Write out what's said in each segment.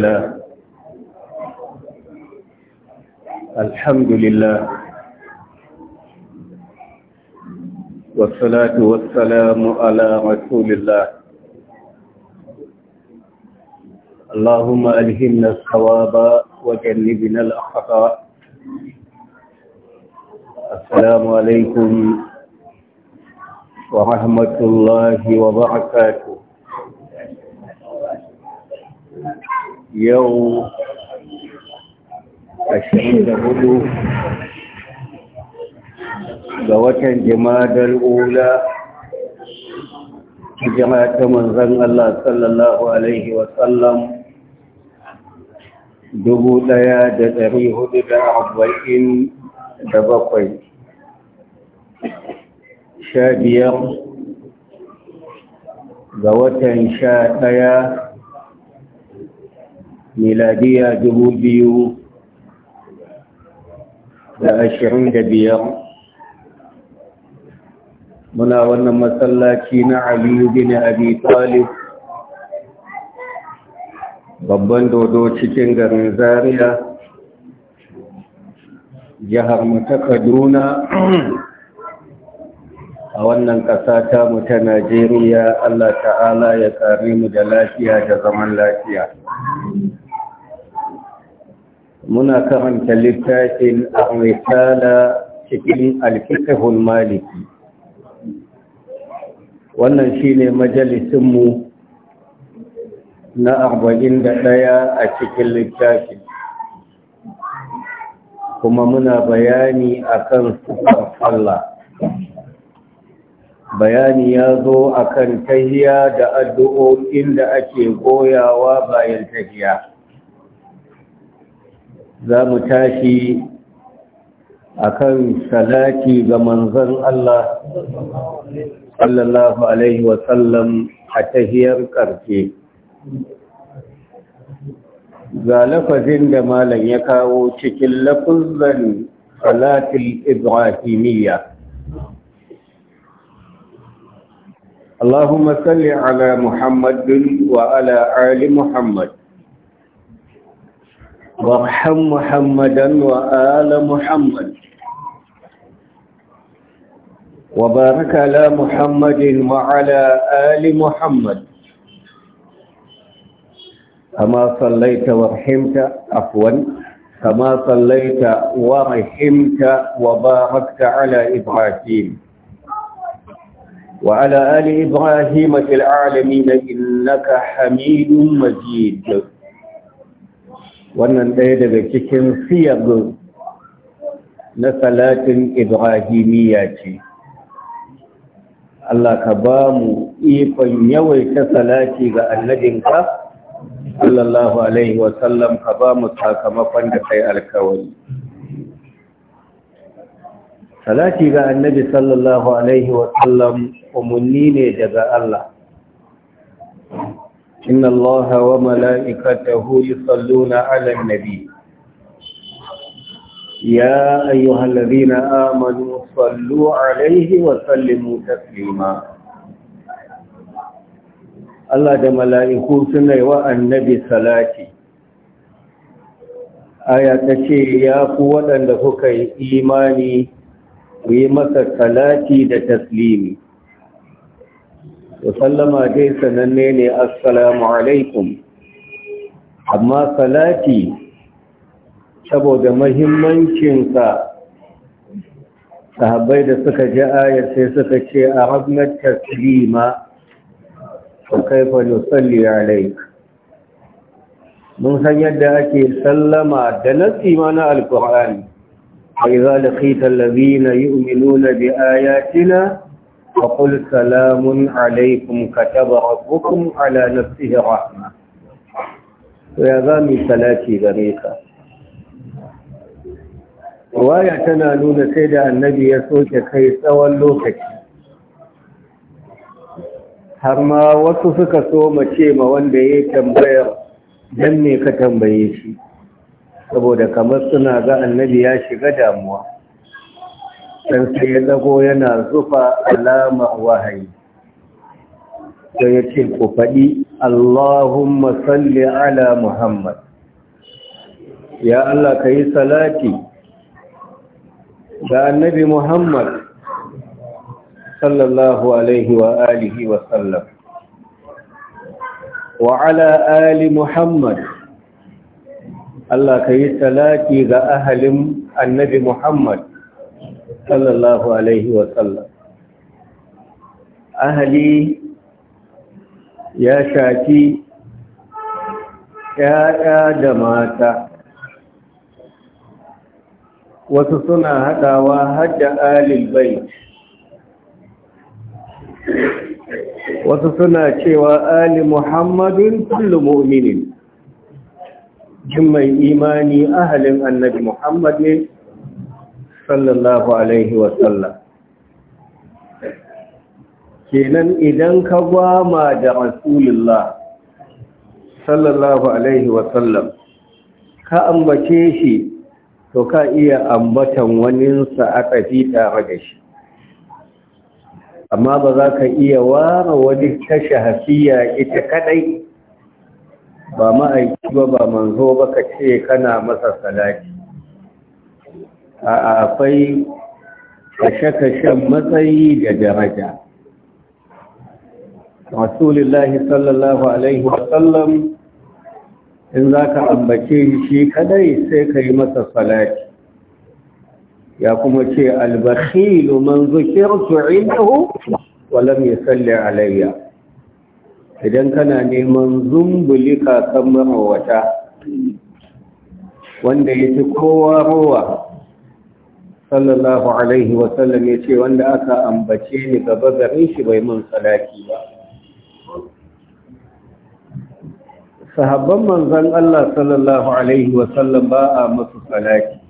لله الحمد لله والصلاة والسلام على رسول الله اللهم ألهمنا الصواب وجنبنا الأخطاء السلام عليكم ورحمة الله وبركاته yau ashirin da hudu ga watan jimadar ula jama'a ta manzan Allah sallallahu Alaihi wasallam dubu ɗaya da ɗari hudu da arba'in da bakwai sha biyar ga watan sha ɗaya ميلادية dubu biyu da ashirin da biyar muna wannan masallaci na aliyu bin babban dodo cikin garin zaria jihar mu ta kaduna a wannan ƙasa ta mu ta najeriya allah ta'ala ya tsare mu da lafiya da zaman lafiya muna karanta littafin a risala cikin al maliki wannan shi ne mu na arba'in da ɗaya a cikin littafin kuma muna bayani kan sufar Allah bayani ya zo a kan tahiya da addu'o'in da ake goyawa bayan tahiya za mu tashi a kan salati ga manzan Allah sallallahu alaihi wasallam a tahiyar ƙarfe ga lafazin da malam ya kawo cikin lafuzan salatul ibrahimiyya اللهم صل على محمد وعلى آل محمد وارحم محمدا وآل محمد وبارك على محمد وعلى آل محمد كما صليت ورحمت عفوا كما صليت ورحمت وباركت على إبراهيم وعلى آل إبراهيم في العالمين إنك حميد مجيد wannan ɗaya daga cikin siyag na salatin ibrahimiyya ce Allah ka ba mu ikon yawaita salati ga annabinka sallallahu alaihi wasallam ka ba mu sakamakon da kai alkawari salati ga annabi sallallahu alaihi wasallam umarni ne daga Allah إن الله وملائكته يصلون على النبي يا أيها الذين آمنوا صلوا عليه وسلموا تسليما الله ده ملائكو سنة والنبي صلاتي آية تشي يا قوة لكي إيماني ويمسك صلاتي ده تسليمي da sallama sananne ne assalamu alaikum amma salati saboda mahimmancinsa sahabbai da suka ji ayar sai suka ce a rabnar taslima to kaifa nusalli alaik mun san yadda ake sallama da nasi ma na alkur'ani فإذا لقيت الذين يؤمنون بآياتنا وقل سلام عليكم كتب ربكم على نفسه رحمة ويا غامي سلاتي غريكا رواية تنالون سيدة النبي يسوك كي سوى اللوكك هرما وصفك سوما شيما وان بيه مبير جمي تنبيشي سبودك مصنع ذا النبي ga annabi ya can sai dago yana zufa alama wahayi sai ya ce ku faɗi Allahumma salli ala Muhammad ya Allah ka yi salati da annabi Muhammad sallallahu alaihi wa alihi wa sallam wa ala ali Muhammad Allah ka yi salati ga ahalin annabi Muhammad sallallahu alaihi wasallam ahali ya shafi ‘ya'ya da mata wasu suna haɗawa hajja alil bai wasu suna cewa ali muhammadin kullu mu'minin jin mai imani ahalin annabi muhammad ne sallallahu alaihi wasallam kenan idan ka gwama da rasulullah sallallahu alaihi wasallam ka ambace shi to ka iya ambatan waninsa a tafi tare da shi amma ba za ka iya ware wani kashe hafiya ita kadai ba ma'aiki ba ba manzo ba ka ce kana masa salati akwai kashe-kashen matsayi da daraja rasulullahi sallallahu alaihi wasallam in za ka ambace shi kadai sai ka yi masa salati ya kuma ce albakhilu man zukirtu indahu wa lam yusalli alayya idan kana neman zumbuli kakan wata wanda ya ci kowa rowa sallallahu alaihi wasallam ya ce wanda aka ambace ni gaba garin shi bai mun salati ba sahabban manzan Allah sallallahu alaihi wasallam ba a musu salati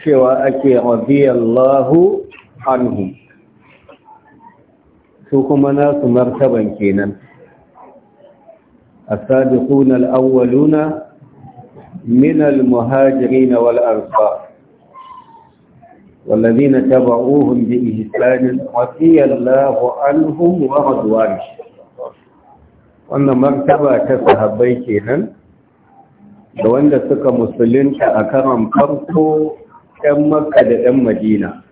cewa ake radiyallahu anhu su kuma nasu martaban kenan السابقون الأولون من المهاجرين والأنصار والذين تبعوهم بإحسان رضي الله عنهم ورضوان wannan martaba ta sahabbai kenan da wanda suka musulunta a karon farko ɗan makka da ɗan madina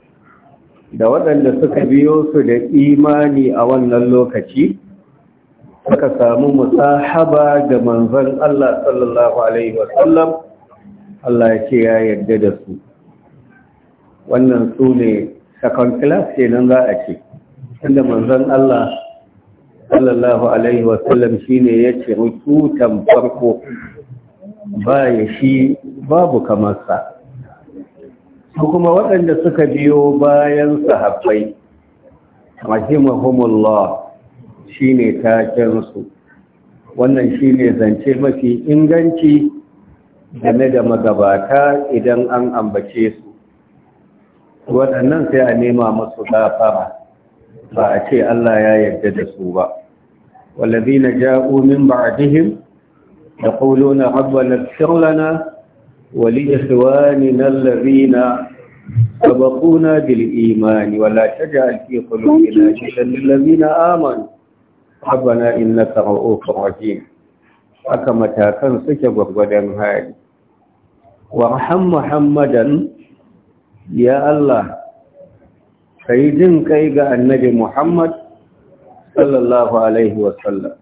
da waɗanda suka biyo su da imani a wannan lokaci suka samu musahaba da manzon Allah sallallahu alaihi wasallam Allah ya ce ya yarda da su wannan su ne second class kenan za a ce inda manzon Allah sallallahu alaihi wasallam shine ya ce farko ba shi babu kamar sa kuma waɗanda suka biyo bayan sahabbai rahimahumullah shine taken su wannan shine zance mafi inganci game da magabata idan an ambace su waɗannan sai a nema masu gafara ba a ce Allah ya yarda da su ba wallazina ja'u min ba'dihim yaquluna rabbana ighfir lana wa li ikhwanina alladhina سبقونا بالإيمان ولا تجعل في قلوبنا جلا للذين آمنوا ربنا إنك رؤوف رحيم أكما تاكن سكبر ودن هاي وارحم Muhammadan. ya Allah ka yi jin kai ga annabi Muhammad sallallahu Alaihi wasallam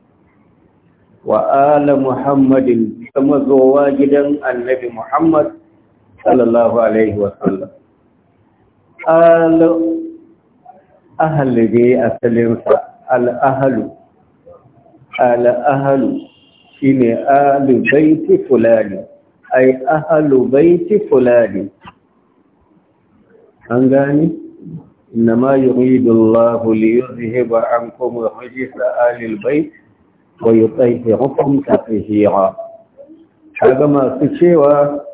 wa ala Muhammadin sama zowa gidan annabi Muhammad sallallahu Alaihi wasallam ala ahalu dai asalinsa al'ahalu al'ahalu shi ne ahalu baiti fulani ai ahalu baiti fulani an gani إنما يريد الله ليذهب عنكم bayt wa البيت tatheera kaga ma su cewa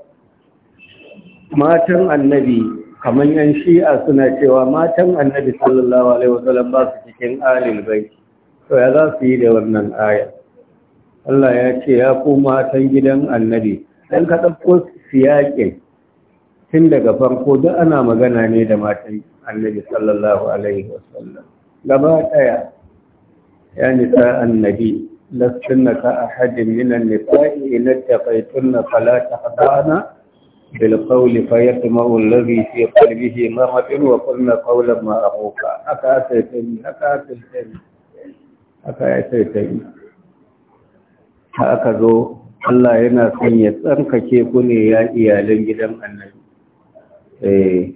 matan annabi kamar yan shi'a suna cewa matan annabi sallallahu alaihi wasallam ba su cikin alil bayt to ya za su yi da wannan aya Allah ya ce ya ku matan gidan annabi dan ka dauko siyakin tun daga farko duk ana magana ne da matan annabi sallallahu alaihi wasallam gaba daya ya nisa annabi lastunna ka ahadin minan nisa'i in taqaytunna fala tahdana bil qawli fa yatma alladhi fi qalbihi maradun wa qulna qawlan ma'rufa aka sai tani aka sai tani aka sai Ta aka zo Allah yana son ya tsarkake ku ne ya iyalan gidan annabi Eh,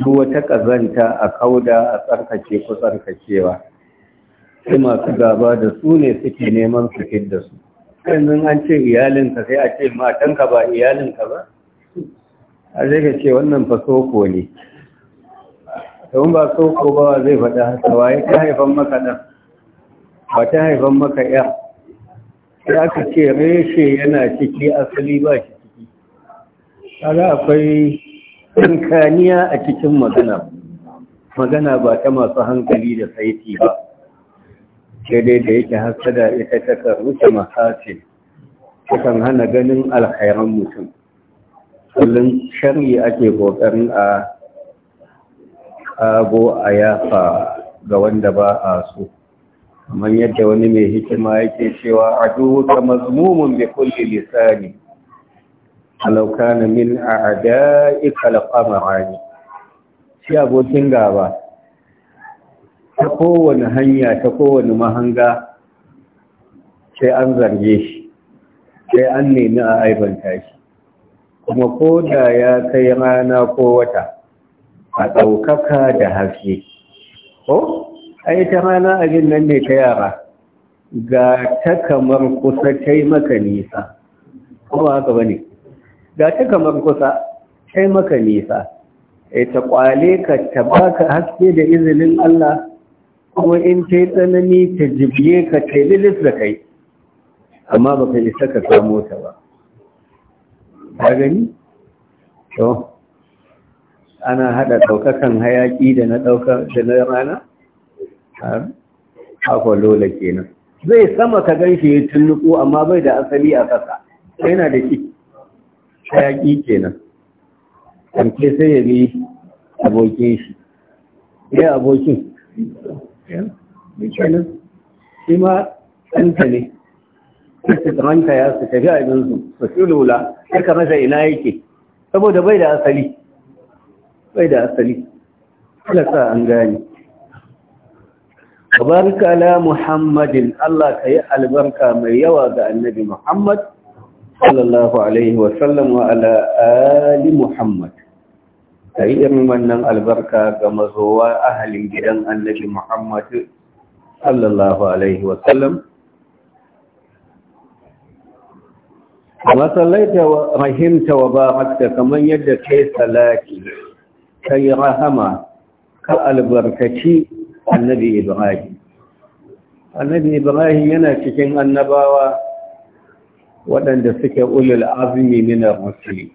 duk wata ƙazanta a kauda a tsarkace ko tsarkacewa sai masu gaba da su ne suke neman su da su yanzu an ce iyalinka sai a ce matanka ba iyalinka ba a zai ka ce wannan fa soko ne don ba soko ba zai faɗa haka waye ta haifan maka ɗan ba ta haifan maka Ya sai aka ce reshe yana ciki asali ba shi ciki kaga akwai tsinkaniya a cikin magana magana ba ta masu hankali da saiti ba sai dai da yake hasada ita ta rufe mahasin takan hana ganin alkhairan mutum kullum shari'i ake kokarin a abu a yafa ga wanda ba a so kamar yadda wani mai hikima yake cewa ta mazmumun bi kulli lisani alau kana min a'da'ika laqamarani shi abokin gaba ta kowane hanya ta kowane mahanga sai an zarge shi sai an nemi a aibanta shi kuma ko da ya kai rana ko wata a ɗaukaka da haske ko ai ta rana abin nan ne ta yara ga ta kamar kusa yi maka nisa kuma haka ba ne. ga ta kamar kusa sai maka nisa e ta kwale ka ta baka haske da izinin Allah kuma in ta yi tsanani ta jibiye ka ta lilis da kai amma baka isa ka samu ta ba Ta gani to ana hada ɗaukakan hayaki da na dauka da na rana har lola kenan zai sama ka ganshi ya tunnuku amma bai da asali a kasa yana da ciki hayaki kenan kamke sai ya bi abokin shi ya abokin kenan shi ma ɗanta ne ranka ya su tafi abinsu su fi lula ya kamata ina yake saboda bai da asali bai da asali sa an gani barka la muhammadin Allah ka yi albarka mai yawa ga annabi muhammad sallallahu alaihi wasallam wa ala ali muhammad kai irin wannan albarka ga mazowa ahalin gidan annabi muhammad sallallahu alaihi wasallam masallaita wa rahimta wa barakta kaman yadda kai salati kai rahama ka albarkaci annabi ibrahim annabi ibrahim yana cikin annabawa waɗanda suke ulul azumi minar rusuli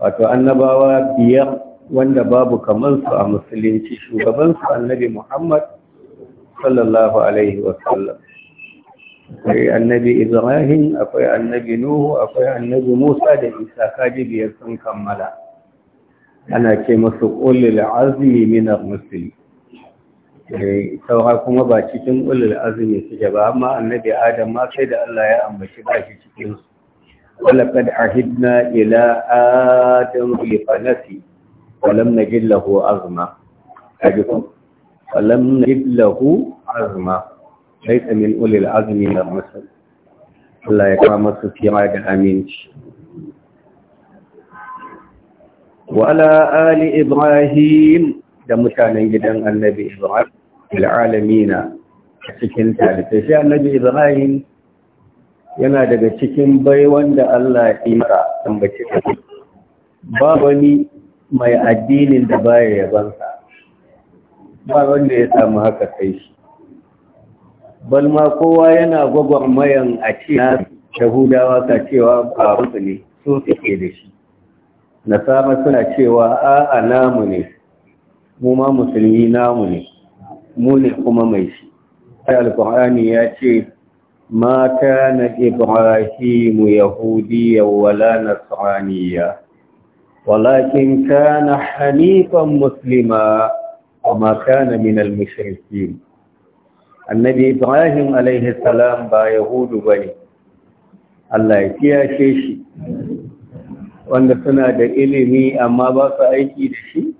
wato annabawa biyar wanda babu kamansu a musulunci shugabansu annabi muhammad sallallahu alaihi wasallam akwai annabi ibrahim akwai annabi nuhu akwai annabi musa da isa kaji biyar sun kammala ana ce masu ulul azumi minar rusuli sauha eh, kuma ba cikin ulul azumi suke ba amma annabi adam ma sai da Allah ya ambaci ba shi cikin su walaqad ahidna ila adam bi fanasi walam najid lahu azma ajiku walam najid lahu azma ta min ulul azmi na musal Allah ya kama su kiyama da aminci wa ala ali ibrahim da mutanen gidan annabi ibrahim al'alamina a cikin talibai shi annabi ibrahim yana daga cikin bai wanda Allah ya mara tambaci ba wani mai addinin da baya yabansa ba wanda ya samu haka sai shi balma kowa yana mayan a ce na shahudawa ta cewa ba wasu ne so suke da shi nasara suna cewa a'a namu ne mu ma musulmi namu ne mune ne kuma mai shi alkur'ani ya ce ma kana Ibrahimu Yahudiya wala nasraniyya walakin kana hanifan muslima وما كان من المشركين النبي إبراهيم عليه السلام با يهود بني الله يكياشي shi. wanda suna da ilimi amma ba su aiki da shi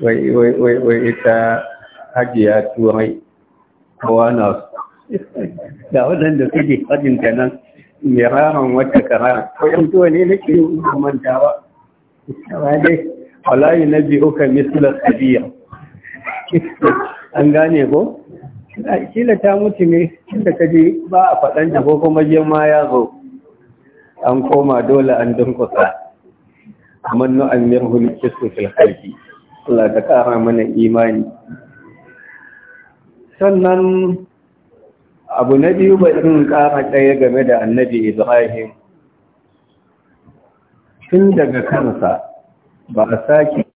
wai ita hajiya turai kowa na da waɗanda suke hajin ta nan miraran wata kara ko yan tuwa ne nake yi manta ba ba dai walayi na biyu ka misula sabiya an gane ko kila ta mutu ne inda ka je ba a faɗan da ko kuma ma ya zo an koma dole an dunkusa amma nu'an mirhul kisu fil harki. Allah ta ƙara mana imani sannan abu na biyu ba irin ƙara ɗaya game da annabi ibrahim tun daga kansa ba a sake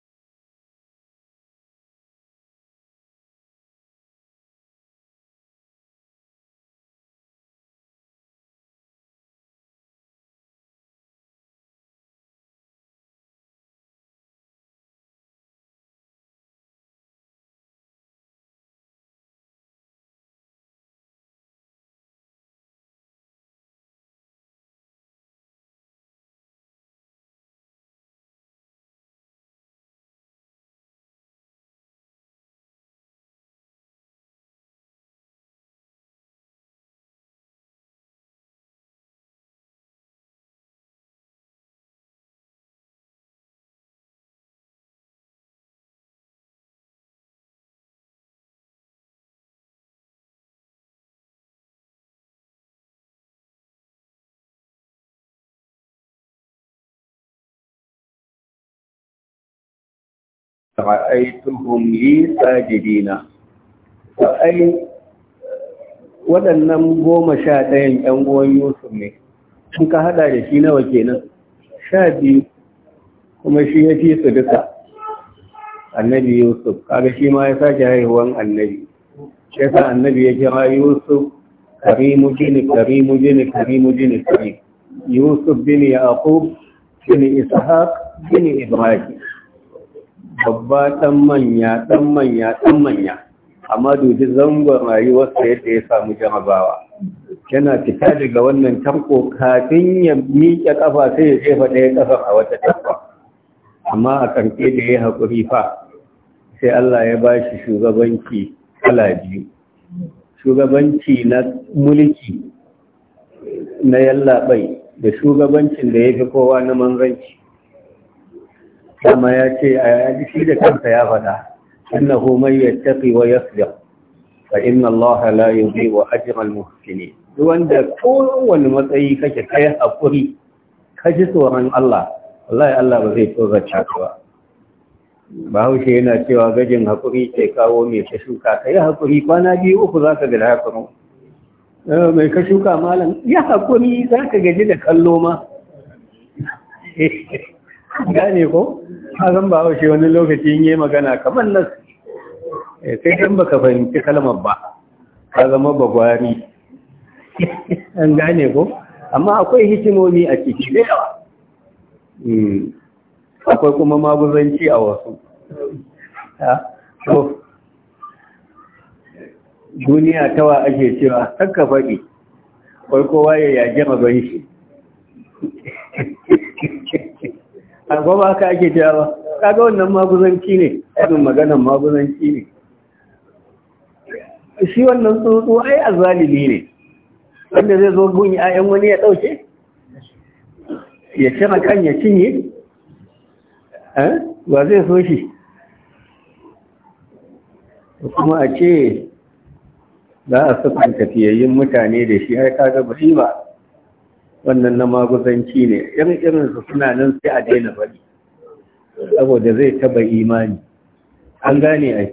ra'aytuhum li sajidina ai waɗannan goma sha ɗayan uwan Yusuf ne sun ka hada da shi nawa kenan sha biyu kuma shi ya fi su duka annabi Yusuf kaga shi ma ya sake haihuwan annabi sai yasa annabi ya kira Yusuf karimu jini karimu jini karimu jini karimu Yusuf bin Yaqub bin Ishaq bin Ibrahim babba ɗan manya ɗan manya ɗan manya amma dubi zangon rayuwarsa yadda ya samu jarabawa yana fita daga wannan tanko kafin ya miƙe ƙafa sai ya jefa ɗaya ƙafar a wata tafa amma a ƙarfe da ya haƙuri fa sai Allah ya ba shi shugabanci kala biyu shugabanci na mulki na yallaɓai da shugabancin da ya fi kowa na manzanci kama ya ce a shi da kansa ya faɗa annahu man yattaqi wa yasbiq fa inna allaha la yudhi'u ajra al-muhsinin duk wanda kowane matsayi kake kai hakuri ka ji tsoron Allah wallahi Allah ba zai tsorata ka ba Bahaushe yana cewa gajin hakuri ke kawo mai ka shuka ka yi hakuri kwana biyu uku za ka gada hakuri eh, mai ka shuka malam ya hakuri za ka gaji da kallo ma gane ko zan ba haushe wani lokaci in yi magana kamar nan eh, sai ɗan baka fahimci kalmar ba ka zama bagwari an gane ko amma akwai hikimomi a ciki da yawa hmm. akwai kuma maguzanci a wasu duniya tawa ake cewa sakka faɗi kwaikowa kowa ya yage magan shi ba ba haka ake cewa ba kaga wannan maguzanci ne abin maganan maguzanci ne shi wannan tsuntsu ai zalibi ne wanda zai zo gun 'ya'yan wani ya dauke ya cire kan ya cinye ba eh? zai so shi kuma a ce za a sukan tafiyayyun mutane da shi ai kaga ba ba wannan na maguzanci ne irin irin su suna nan sai a daina bari saboda zai taba imani an gane ai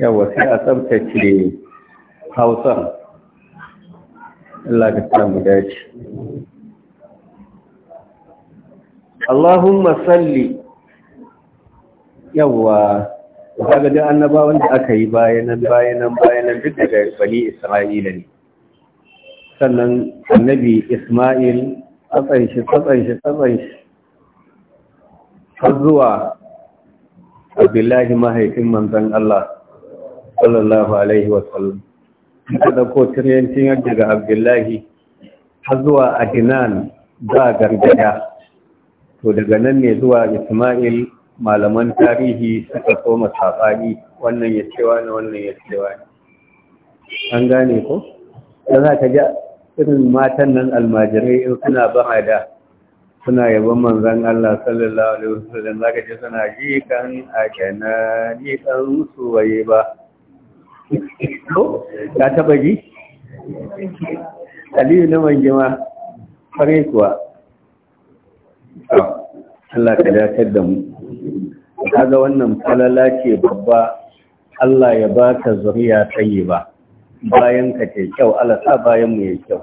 yawa sai a tsabtace hausar Allah ka sa mu dace Allahumma salli yawa kaga da annabawan da aka yi bayanan bayanan bayanan duk daga bani Isra'ila ne sannan annabi ismail tsatsanshi tsatsanshi tsatsanshi har zuwa abdullahi mahaifin manzan Allah sallallahu alaihi wasallam ta dauko yadda daga abdullahi har zuwa adinan ba gargada to daga nan ne zuwa ismail malaman tarihi suka soma saɓani wannan ya cewa ne wannan ya cewa ne an gane ko za ka ja irin matan nan almajirai in suna da suna yabon manzan Allah sallallahu alaihi wasallam zaka ji suna ji kan akana ni kan suwaye ba ko ka taba ji Aliyu na manjima fare kuwa Allah ka dakatar da mu kaga wannan falala ce babba Allah ya baka zuriya tayyiba ba bayan ka ce kyau Allah sa bayan mu yayi kyau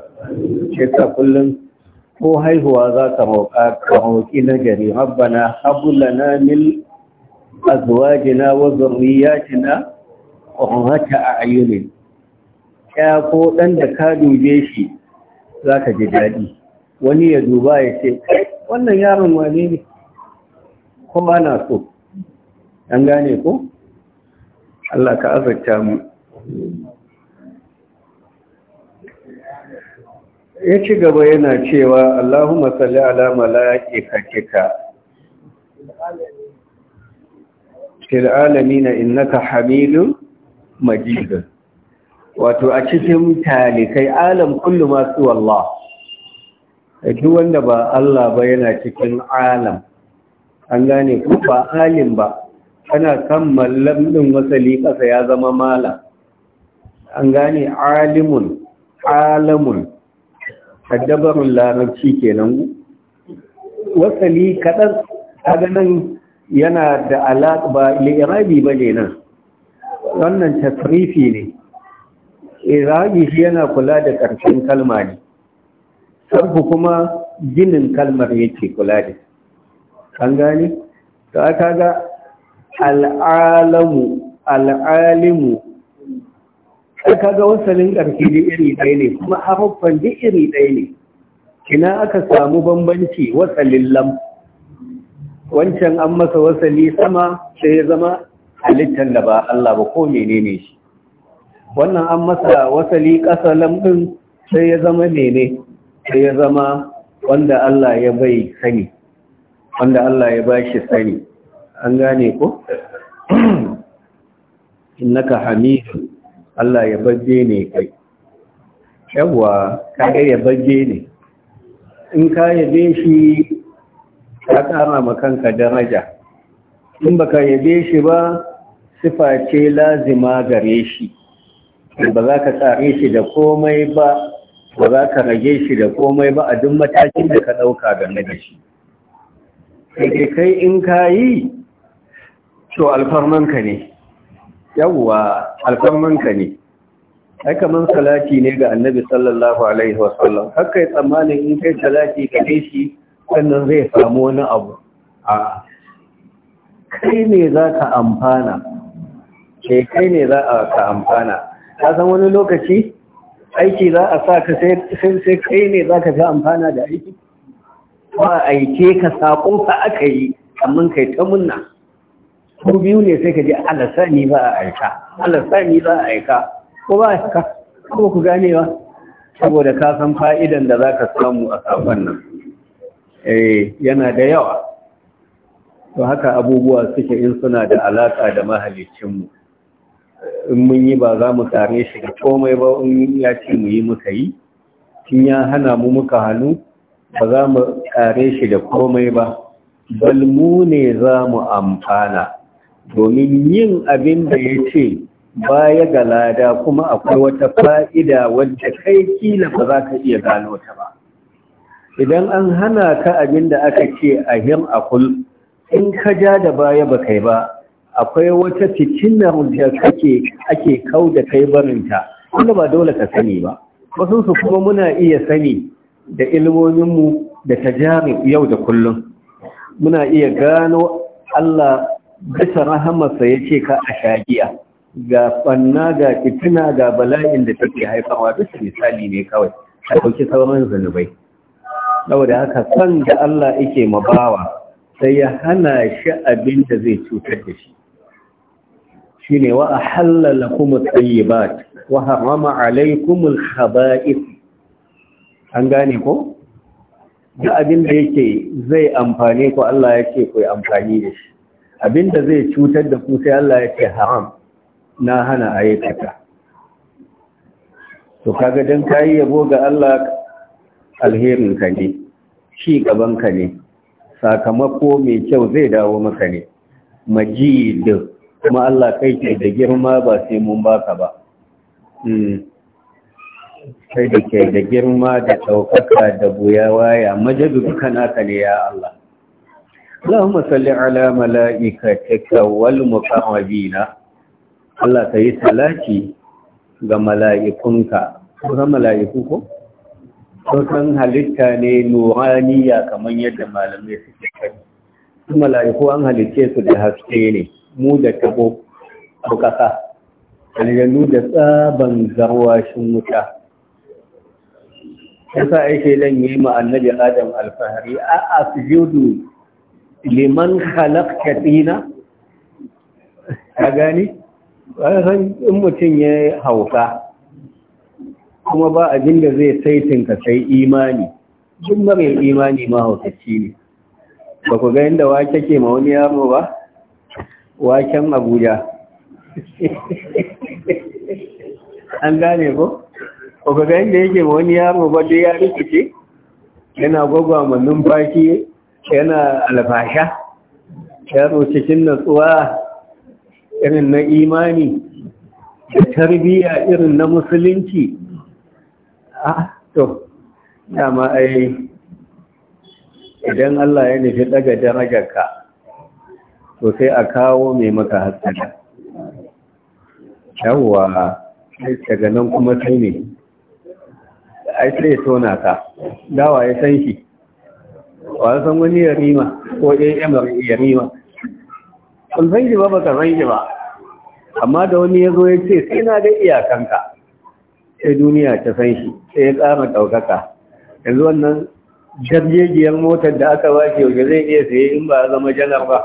ce ka kullum ko haihuwa za ka mauka ka mauki na gari rabbana hablana min azwajina wa zurriyatina qurrata a'yunin ya ko dan da ka dube shi ka ji dadi wani ya duba ya ce wannan yaron wane ne kuma na so an gane ko Allah ka azurta mu ya ci gaba yana cewa Allahumma salli ala malaikika fil alamin innaka hamidun majid wato a cikin talikai alam kullu ma su wallah duk wanda ba Allah ba yana cikin alam an gane ku ba alim ba kana kan mallam din wasali kasa ya zama malam an gane alimun alamun addabarun larabci kenan wasali kaɗan kaga nan yana da alaƙa ba li'irabi ba ne nan wannan tasrifi ne irabi shi yana kula da ƙarshen kalma ne sarfu kuma ginin kalmar yake kula da an gane ta kaga al'alamu al'alimu sai ga wasalin ƙarfi da iri ɗaya ne kuma haruffan da iri ɗaya ne kina aka samu bambanci wasalin lam wancan an masa wasali sama sai ya zama halittar da ba Allah ba ko menene shi wannan an masa wasali ƙasa lam ɗin sai ya zama mene sai ya zama wanda Allah ya bai sani wanda Allah ya ba shi sani an gane ko innaka hamidu Allah ya bage ne kai yawwa kaga ya bage ne in ka yabe shi ka ƙara ma kanka daraja in baka yabe shi ba sifa ce lazima gare shi ba za ka tsare shi da komai ba ba za ka rage shi da komai ba a duk matakin da ka ɗauka game da shi sai kai in ka yi to ka ne yawwa alfarmanka ne aika man salati ne ga annabi sallallahu alaihi wasallam haka yi tsammanin in kai salati ka kai shi sannan zai samu wani abu a kai ne za ka amfana ke kai ne za ka amfana ka san wani lokaci aiki za a sa ka sai kai ne za ka fi amfana da aiki ba aike ka saƙon ka aka yi amma kai ta munna ko biyu ne sai ka ji Allah sani ba a aika Allah sani ba a aika ko ba ka ko ku gane ba saboda ka san fa'idan da zaka samu a safan nan eh yana da yawa to haka abubuwa suke in suna da alaka da mahalicin mu in mun yi ba za mu kare shi da komai ba in ya ce mu yi muka yi kin ya hana mu muka hannu ba za mu kare shi da komai ba balmu ne za mu amfana domin yin abin da ya ce baya ga lada kuma akwai wata fa'ida wadda kai kila ba za ka iya gano ta ba idan an hana ka abin da aka ce a yin akul in ka ja da baya ba kai ba akwai wata fitinar da kake ake kau da kai barinta wanda ba dole ka sani ba wasu su kuma muna iya sani da ilmominmu da ta tajarin yau da kullum muna iya gano Allah bisa rahamarsa ya ce ka a shagiya ga ɓanna ga fitina ga bala'in da take haifarwa duk misali ne kawai a ɗauki sauran zunubai saboda haka son da Allah yake mabawa sai ya hana shi abin da zai cutar da shi shi ne wa a hallala kuma tsayibat wa harama alaikumul an gane ko? da abin da yake zai amfane ku Allah ya ce ku amfani da shi abinda zai cutar da ku sai Allah ya ce haram na hana aikata to kaga don kayi yabo ga Allah alherin ka ne shi gaban ka ne sakamako mai kyau zai dawo maka ne majid kuma Allah kai ke da girma ba sai mun baka ba hmm. kai da ke da girma da ɗaukaka da buyawa ya majadu duka naka ne ya Allah اللهم صل على ملائكتك والمقربين الله Allah salati ga mala'ikunka kusan mala'iku ko kusan halitta ne nuraniya kamar yadda malamai suke kai mala'iku an halitte su da haske ne mu da tabo ko kasa nu da tsaban garwashin wuta yasa ake lan yi ma annabi adam alfahari a asjudu liman halakta dina a gani san in mutum ya hauka kuma ba abin da zai saitinka sai imani duk mai imani ma mahaukaci ne ba ku ga inda wake ke ma wani yaro ba waken abuja an gane ko ba ku ga inda yake ma wani yaro ba dai ya rikice yana gwagwa ma numfashi yana alfasha yaro cikin natsuwa irin na imani da tarbiyya irin na musulunci ah to dama ai idan Allah ya nufi daga darajarka to sai a kawo mai maka hasada yawwa sai daga nan kuma sai ne ai sai tona ka dawa ya san shi wa san wani yarima ko am yarima kun san ba ba ka ba amma da wani ya zo ya ce sai na da iyakanka sai duniya ta san shi sai ya tsara ɗaukaka yanzu wannan jarjejiyar motar da aka ba shi yaushe zai iya sai in ba zama janar ba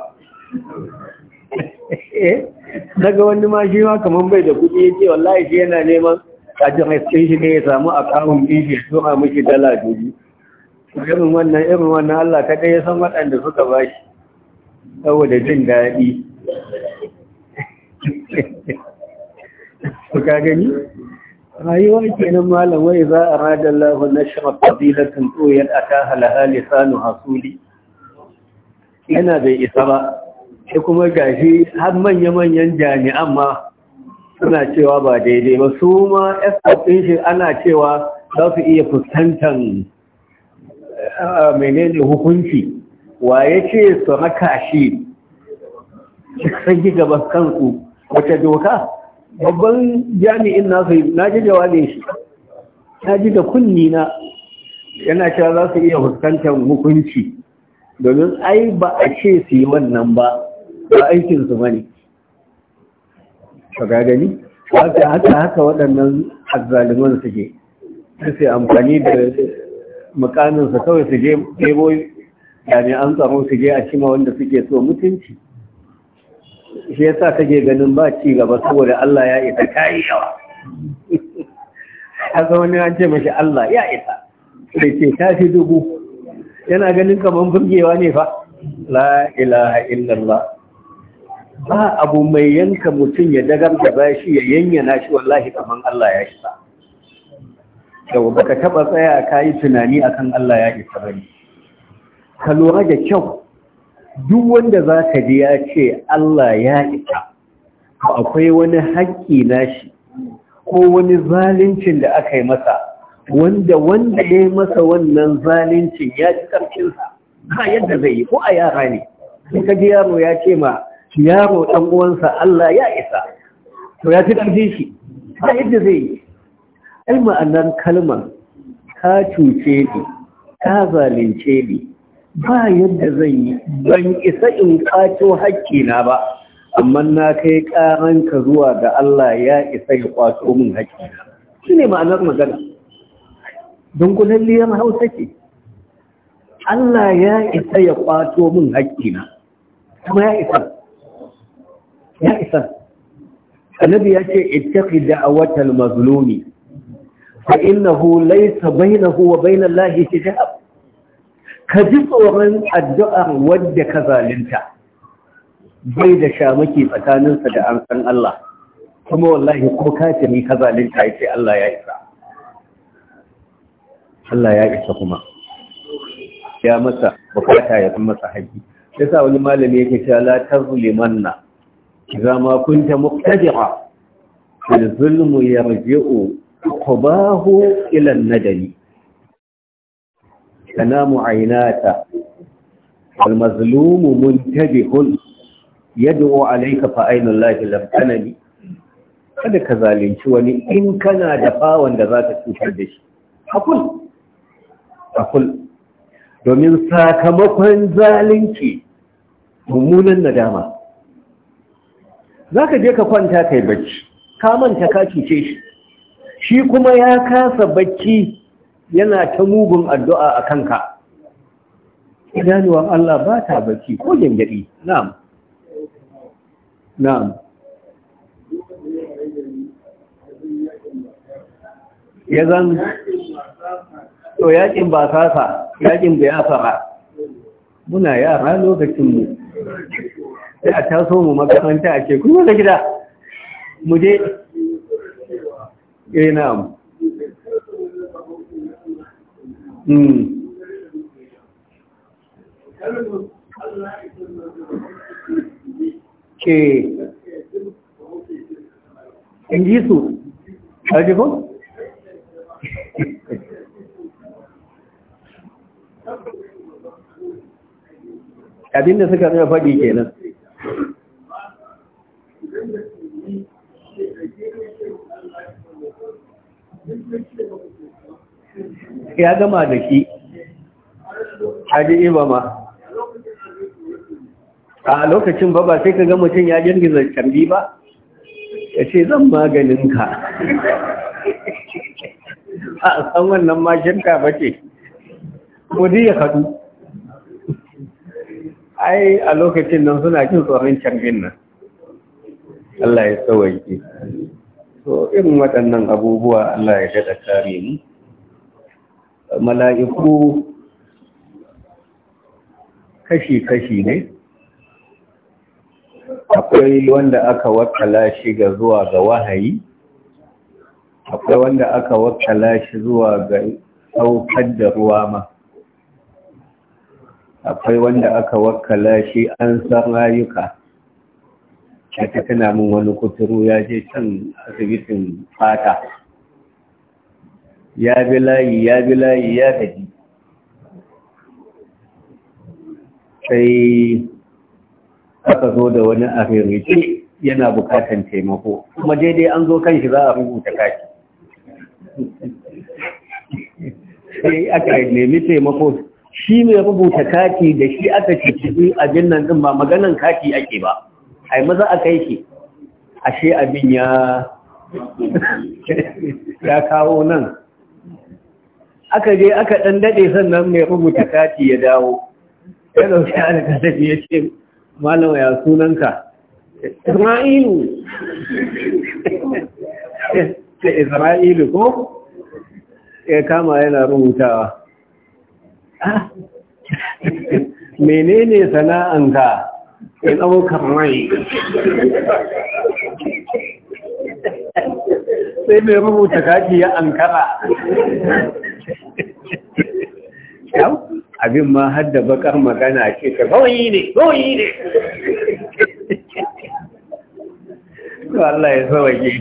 daga eh, wani ma shi ma kamar bai da kuɗi ya ce wallahi shi yana neman a jihar shi ne ya samu akawun ɗin shi tura mishi dala dubu irin wannan irin wannan Allah kaɗai dai san waɗanda suka ba shi saboda jin daɗi suka gani rayuwa kenan malam wai za a rada Allah na shirar ƙabilatin tsoyar a ta halaha lisanu hasuli yana bai isa ba shi kuma gashi har manya-manyan jami'an ma suna cewa ba daidai ba su ma ɗin shi ana cewa za su iya fuskantar menene hukunci wa ya ce su raka shi sun gaba kansu wace doka babban jami'in nasu na ji wane shi na ji da kunni na yana cewa za su iya fuskantar hukunci domin ai ba a ce su yi wannan ba ba aikinsu ba ne shaga gani haka haka waɗannan azzaliman suke sai amfani da mukaminsa kawai su je ɗebo jami'an tsaro su je a cima wanda suke so mutunci shi ya sa kake ganin ba ci gaba saboda Allah ya isa ta yi yawa a ne an ce mashi Allah ya isa da ke ta dubu yana ganin kamar burgewa ne fa la ilaha illallah ba abu mai yanka mutum ya dagar da bashi ya yanyana shi wallahi kamar Allah ya shi ba yau baka taba tsaya ka yi tunani akan Allah ya isa bane ka lura da kyau duk wanda za ka ji ya ce Allah ya isa to akwai wani haƙƙi nashi ko wani zalincin da aka yi masa wanda wanda ya yi masa wannan zalincin ya ci ƙarfinsa ba yadda zai yi ko a yara ne sai ka ji yaro ya ce ma yaro ɗan uwansa Allah ya isa to ya ci ƙarfin shi ba yadda zai yi ai ma'anar kalmar ka cuce ni ka zalunce ni ba yadda zan yi ban isa in kwato haƙƙina ba amma na kai ƙaranka zuwa ga Allah ya isa ya kwato min haƙƙina shi ne ma'anar magana don liyan hausa ce Allah ya isa ya kwato min haƙƙina kuma ya isa ya isa annabi ya ce ittaqi da'awatal mazlumi fa innahu laysa bainahu wa bainal lahi hijab ka ji tsoron addu'ar wadda ka zalunta bai da shamaki tsakaninsa da an san Allah kuma wallahi ko kafiri ka zalunta yace Allah ya isa Allah ya isa kuma ya masa bukata ya kuma masa haji yasa wani malami yake cewa la tazlimanna idza ma kunta muqtadi'a fil zulm yarji'u kubahu ilan nadari tanamu ainata والمظلوم منتبه يدعو عليك فأين الله لم تنني kada ka zalunci wani in kana da bawan da za ka cutar da shi hakul hakul domin sakamakon zalunci mummunan nadama za ka je ka kwanta kai bacci ka manta ka cuce shi shi kuma ya kasa bacci yana ta mugun addu'a a kanka idanuwan Allah ba ta bacci ko gyangyaɗi na'am na'am ya zan to yakin ba sasa yakin ya asara muna yara lokacinmu sai a taso mu makaranta a ce kuma da gida mu je eh na'am mm ke in ji su Abin ko abinda suka zai faɗi kenan ya gama da ki haji ibama a lokacin ba ba sai ka ga mutum ya girgiza canbi ba ya ce zan maganin ka a san wannan mashinka ba ce kudi ya kadu ai a lokacin nan suna cin tsoron canbin nan Allah ya tsawaki to irin waɗannan abubuwa Allah ya daɗa kare mu mala'iku kashi-kashi ne akwai wanda aka wakala shi ga zuwa ga wahayi akwai wanda aka wakala shi zuwa ga saukar da ruwa ma akwai wanda aka wakala shi an san rayuka ya tana min wani kuturu ya je can asibitin fata ya bi layi ya bi layi ya gaji sai aka zo da wani afiriki yana bukatan taimako kuma daidai an zo kan shi za a rubuta kashi sai aka nemi taimako shi mai rubuta kaki da shi aka cikin abin nan din ba maganan kaki ake ba ai maza a kai shi ashe abin ya ya kawo nan aka je aka ɗan daɗe sannan mai rubuta kati ya dawo ya ɗauki alaka tafi ya ce malama ya sunanka isma'ilu ta isra'ilu ko ya kama yana rubutawa ah, menene sana'anka ya tsawo sai mai rubuta kaki ya ankara abin ma hadda bakar magana ce ta bawai ne bawai ne to Allah ya sauke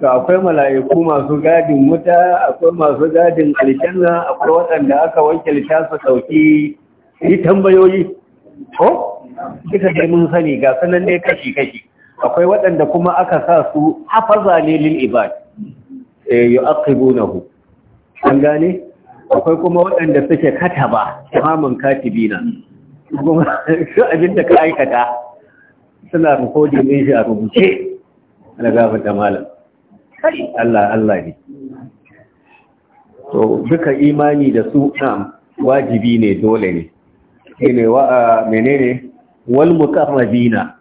to akwai mala'iku masu gadin muta, akwai masu gadin aljanna akwai waɗanda aka wanke littafin sauki yi tambayoyi ko duka dai mun sani ga sanan dai kashi kashi akwai waɗanda kuma aka sa su hafaza ne lil ibad eh, yu'aqibunahu an gane akwai kuma waɗanda suke kataba imamun katibina kuma shi abin da ka aikata suna rikodin ne shi a rubuce na gafa ta malam kai Allah Allah ne to duka imani da su na wajibi ne dole ne shine wa menene wal mukarrabina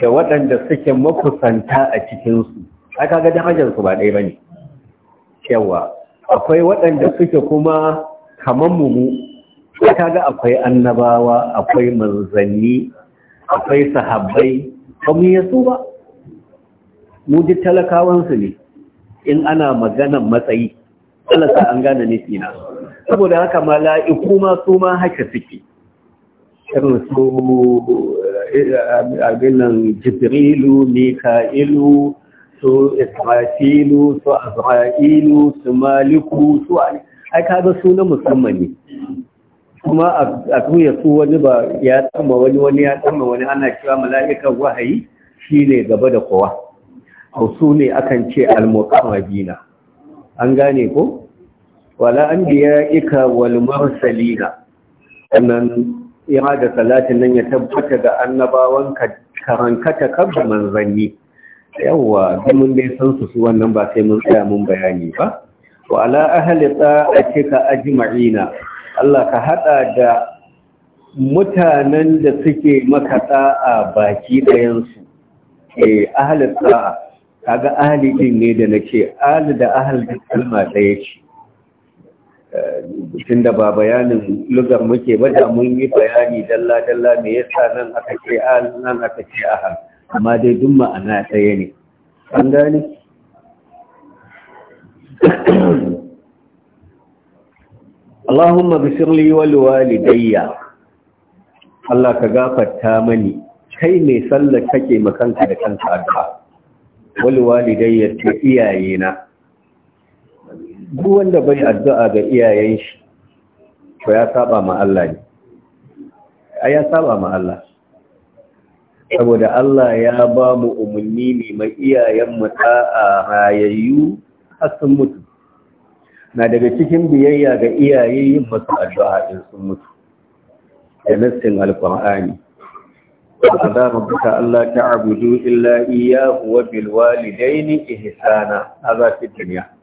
da waɗanda suke makusanta a cikin su aka ga darajar su ba ɗaya bane yawa akwai waɗanda suke kuma kaman mu mu kaga akwai annabawa akwai manzanni akwai sahabbai ba mu ba mu ji talakawansu ne in ana maganan matsayi sa an gane nufina saboda haka mala'iku ma su ma haka suke irin su eh, abinan jibrilu mika'ilu su isra'ilu su azra'ilu su maliku su ai kaga su na musamman ne kuma a tuya su wani ba ya tsamma wani wani ya tsamma wani ana cewa mala'ikan wahayi shi ne gaba da kowa a su ne akan ce almuqarrabina an gane ko wala an biya ika walmar salina. sannan da salati nan ya tabbata ga annabawan karankata kabda manzanni yawwa mun dai san su su wannan ba sai mun tsaya mun bayani ba wa ala ahli ka ajma'ina Allah ka hada da mutanen da suke maka a baki ɗayan su eh ahli ta kaga ahli din ne da nake ahli da ahli kalma ɗaya ce tun da ba bayanin lugar muke ba da mun yi bayani dalla-dalla me yasa nan aka ce a nan aka ce ahal amma dai duk ma'ana ɗaya ne an gani Allahumma bisir li wal walidayya Allah ka gafarta mani kai mai sallar kake makanka da kanka addu'a wal walidayya ce iyayena. duk wanda bai addu'a ga iyayen shi to ya saba ma Allah ne ai ya saba ma Allah saboda Allah ya ba mu umarni ne mai iyayen mu ta rayayyu har sun mutu na daga cikin biyayya ga iyaye yin masu addu'a in sun mutu da nassin alqur'ani Allah ربك ألا تعبدوا إلا إياه وبالوالدين إحسانا هذا في duniya.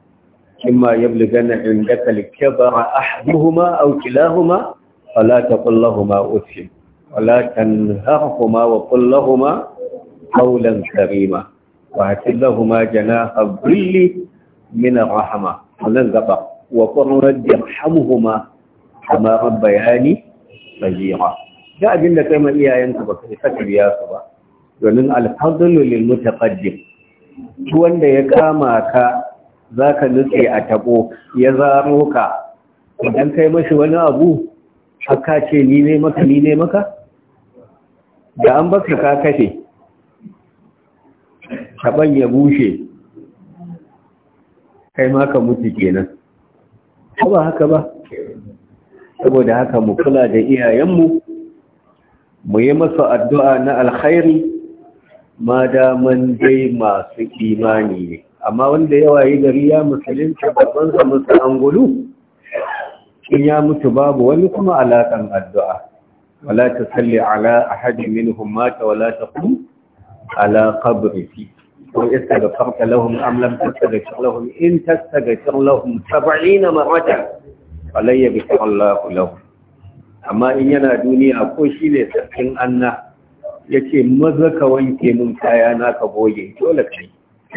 إما يبلغن عندك الكبر أحدهما أو كلاهما فلا تقل لهما أثم ولا تنهرهما وقل لهما قولا كريما وأتل لهما جناح الظل من الرحمة وننقطع وقل رب ارحمهما كما ربياني صغيرا da abin da kai ma iyayenka ba ka isa biya su ba domin alfadlu lil mutaqaddim wanda ya kama ka za ka nutse a tabo ya zaro ka idan kai mashi wani abu haka ce ni ne maka ni ne maka da an ba ka kashe taban ya bushe kai ma mutu kenan ba haka ba saboda haka mu kula da iyayenmu mu yi masa addu'a na alkhairi ma daman dai masu imani ne amma wanda ya wayi gari ya musulunta babansa musu angulu in ya mutu babu wani kuma alaƙan addu'a wala ta salli ala a ahadin minhum mata wala taqum ala qabrihi wa istaghfirta lahum am ga tastaghfir lahum in ga tastaghfir lahum 70 maratan alayya bi sallahu lahum amma in yana duniya ko shi ne sarkin anna yace maza ka wanke mun kaya na ka goge dole kai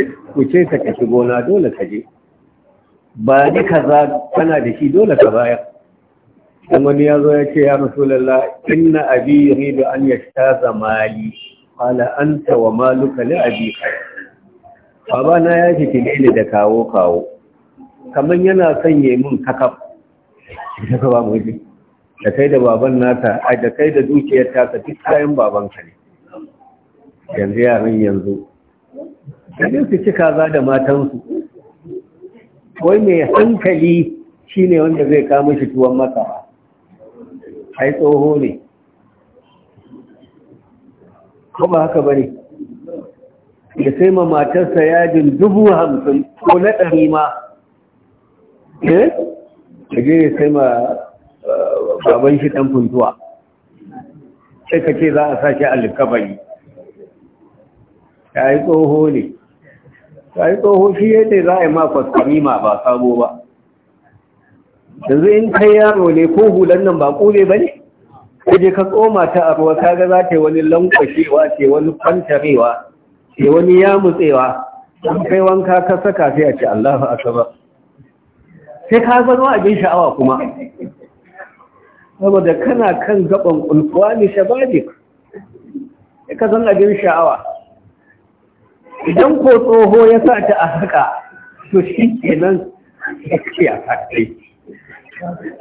ku ce ka kashi gona dole ka je ba ni kaza kana da shi dole ka bayar dan wani ya zo ya ce ya rasulullah inna abi yuridu an yashtaza mali qala anta wa maluka li abika baba na ya fiti ne da kawo kawo kaman yana sanye min kakaf da ta mu ji da kai da baban nata, a da kai da dukiyar taka duk kayan babanka ne yanzu yaran yanzu sai su ci kaza da matansu wai mai hankali shi ne wanda zai kama shi tuwon masara ai tsoho ne kuma haka bane da sai ma matarsa yajin dubu hamsin ko na ɗari ma eh da je sai ma eh, baban shi ɗan funtuwa sai ka ce za a sa shi a likabari Ya'yi tsoho ne Ya'yi tsoho shi yadda za a yi ma kwaskarima ba sabo ba yanzu in kai yaro ne ko hulan nan ba kule ba ne kaje ka tsoma ta a ruwa kaga za ta yi wani lankwashewa ce wani kwantarewa ce wani yamutsewa in kai wanka ka saka sai a ce Allahu akbar sai ka zama abin sha'awa kuma saboda kana kan gaban kulkuwa ne shabadi ka san abin sha'awa idan ko tsoho ya sa ta a haka to shi kenan ya sa kai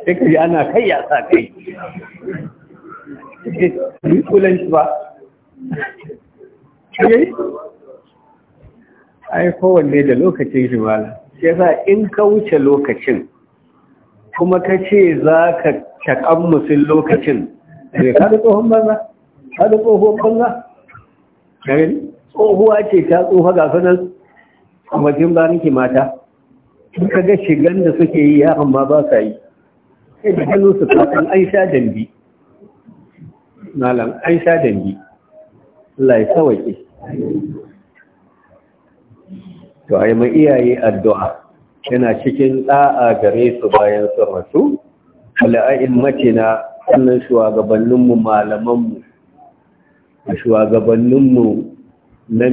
sai ka ji ana kai ya sa kai ni kulanci ba ai kowanne da lokacin shi mala Ya sa in ka wuce lokacin kuma ka ce za ka cakan musul lokacin da eh, ka tsohon banza ka tsohon banza tsohuwa ce ta tsoha ga sanan a wajen ba nake mata Duka ga shigan da suke yi ya amma ba sa yi sai da hannu su kasan an sha dambi malam an sha dambi lai sawaki to a yi ma iyaye addu'a yana cikin ɗa'a gare su bayan su rasu ala'a'in macina sannan shugabanninmu malamanmu a shugabanninmu na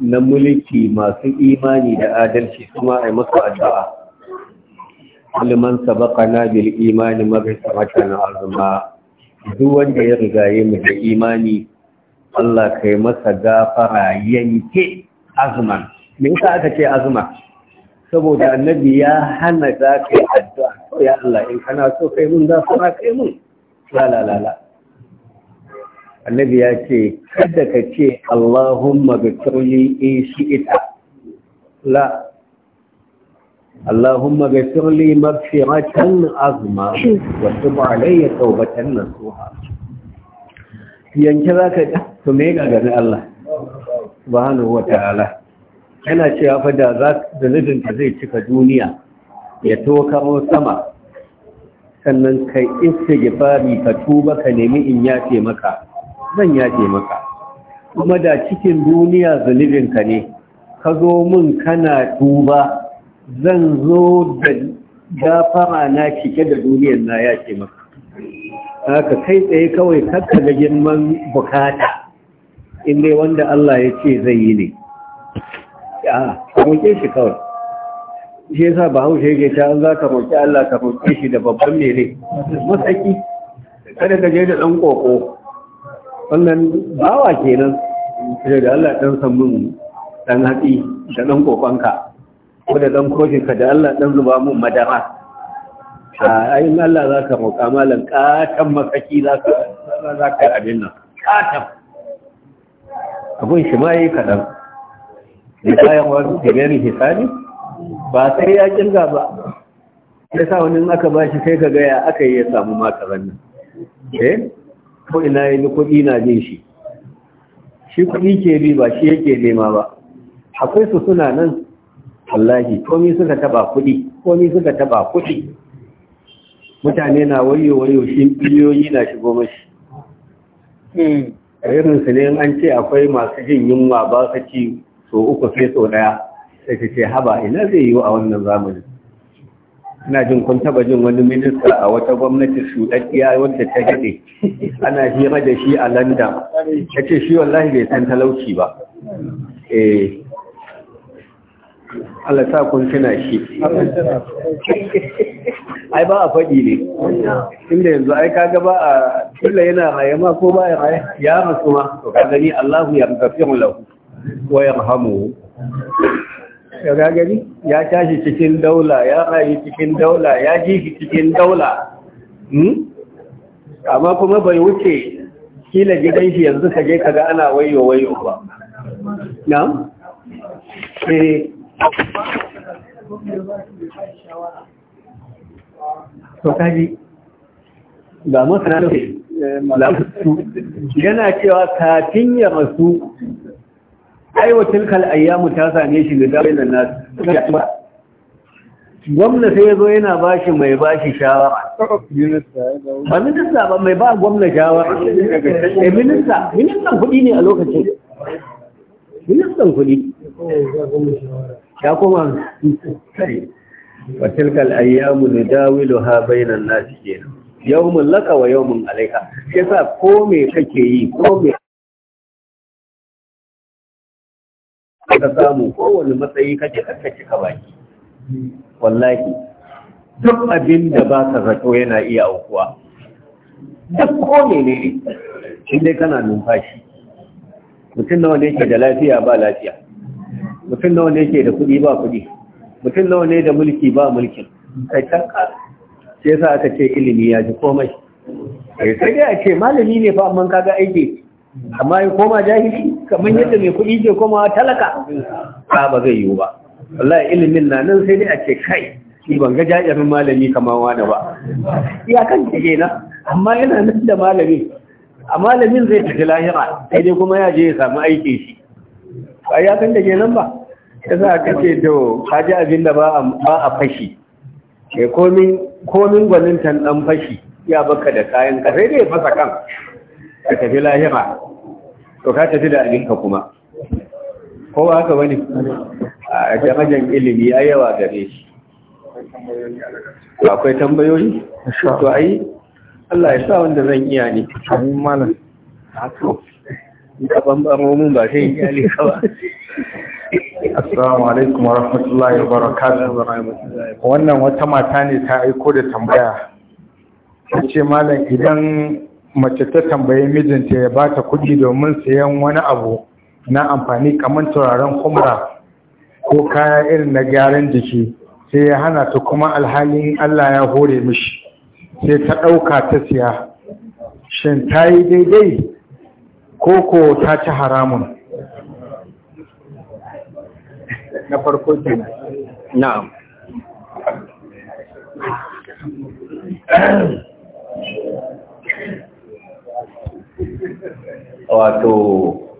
na mulki masu imani da adalci kuma a yi masu addu'a sabaka na bil imani marasa matan azuma duk wanda ya rigaye mu da imani Allah kai masa gafara yanke azman me yasa aka ce azma saboda annabi ya hana za ka yi addu'a ya Allah in kana so kai mun gafara kai mun la la la la annabi ya ce kada ka ce Allahumma bi turli in shi'ita la Allahumma bi turli maghfiratan azma wa tub alayya tawbatan nasuha yanke zaka ka to me ga gani Allah subhanahu wa ta'ala yana cewa fa da za zunubin ka zai cika duniya ya tokaro sama sannan kai istighfari ka tuba ka nemi in yafe maka zan yaje maka kuma da cikin duniya zunubinka ne ka zo mun kana tuba zan zo da gafara na cike da duniyar na yafe maka haka kai tsaye kawai kakka ga girman bukata in dai wanda Allah ya ce zai yi ne a roƙe shi kawai shi yasa ba haushe yake ta an za ka roƙi Allah ka roƙe shi da babban mere masaki kada ka je da ɗan ƙoƙo wannan bawa kenan sai da Allah dan san mun dan hatsi da dan kokonka ko da dan kofinka da Allah dan zuba mun madara a ayin Allah za ka roƙa malam ƙatan makaki za ka abin nan ƙatan abin shi ma yi kaɗan da kayan wani tabiyar hisabi ba sai ya ƙirga ba ya sa wani aka ba shi sai ka gaya aka yi ya samu makarar nan eh? ko ina ya ni kuɗi na jin shi shi kuɗi ke bi ba shi yake nema ba akwai su suna nan wallahi komi suka taba kuɗi komi suka taba kuɗi mutane na wayo wayo shi biliyoyi na shigo mashi hmm, irin su ne an ce akwai masu jin yunwa ba su ci so uku sai so daya sai ta ce haba ina zai yiwu a wannan zamanin ina jin kun taba jin wani minista a wata gwamnati shuɗaɗɗiya wadda ta daɗe ana hira da shi a london ya ce shi wallahi bai san talauci ba eh Allah sa kun tuna shi ai ba a faɗi ne inda yanzu ai kaga ba a killa yana raye ma ko ba ya raye ya rasu ma to ka gani Allahu yarzafihu lahu wa yarhamuhu daga gari ya tashi cikin daula ya rayu cikin daula ya ji cikin daula hmm? amma kuma bai wuce kila gidan shi yanzu ka je kaga ana wayo wayo ba na'am eh to kaji ga masana eh, yana cewa kafin ya rasu aiwa tilkal ayyamu ta same shi da dawai nan nasu gwamna sai zo yana bashi mai bashi shawara ba minista ba mai ba gwamna shawara eh minista ministan kuɗi ne a lokacin ministan kuɗi ya koma wa tilkal ayyamu nidawiluha bainan nasu kenan yawmun laka wa yawmun alayka yasa ko me kake yi ko me ka samu kowane matsayi kake kakka cika baki wallahi duk abin da ba ka zato yana iya aukuwa duk ko ne ne shi dai kana numfashi mutum nawa ne ke da lafiya ba lafiya mutum nawa ne ke da kuɗi ba kuɗi mutum nawa ne da mulki ba mulkin kai tanka sai yasa aka ce ilimi ya ji komai eh, sai dai a ce malami ne fa amma kaga aiki amma ya koma jahili kamar yadda mai kuɗi ke koma talaka ba ba zai yiwu ba wallahi ilimin na nan sai dai a ce kai shi ban ga jajarin malami kamar wani ba Ya kan ta kenan amma yana nan da malami a malamin zai tafi lahira sai dai kuma ya je ya samu aiki shi ba kan da kenan ba ya sa a kace da haji abin da ba a fashi eh, komin gwanintan ɗan fashi ya baka da kayan ka sai dai ya fasa kan ka tafi lahira to ka tafi da abinka kuma ko ba haka bane a jamajan ilimi ya yawa gare shi akwai tambayoyi to ai Allah ya sa wanda zan iya ne amin malam ka bambaro mun ba sai iyali ka ba Assalamu alaikum wa rahmatullahi wa barakatuhu. Wannan wata mata ne ta aiko da tambaya. Ta ce malam idan mace ta tambayi mijinta ya bata kuɗi domin sayan wani abu na amfani kamar turaren kumra ko kaya irin na gyaran jiki sai ya hana ta kuma alhalin Allah ya hore mishi sai ta ɗauka ta siya shin ta yi daidai ko ko ta ci haramun na farko na'am wato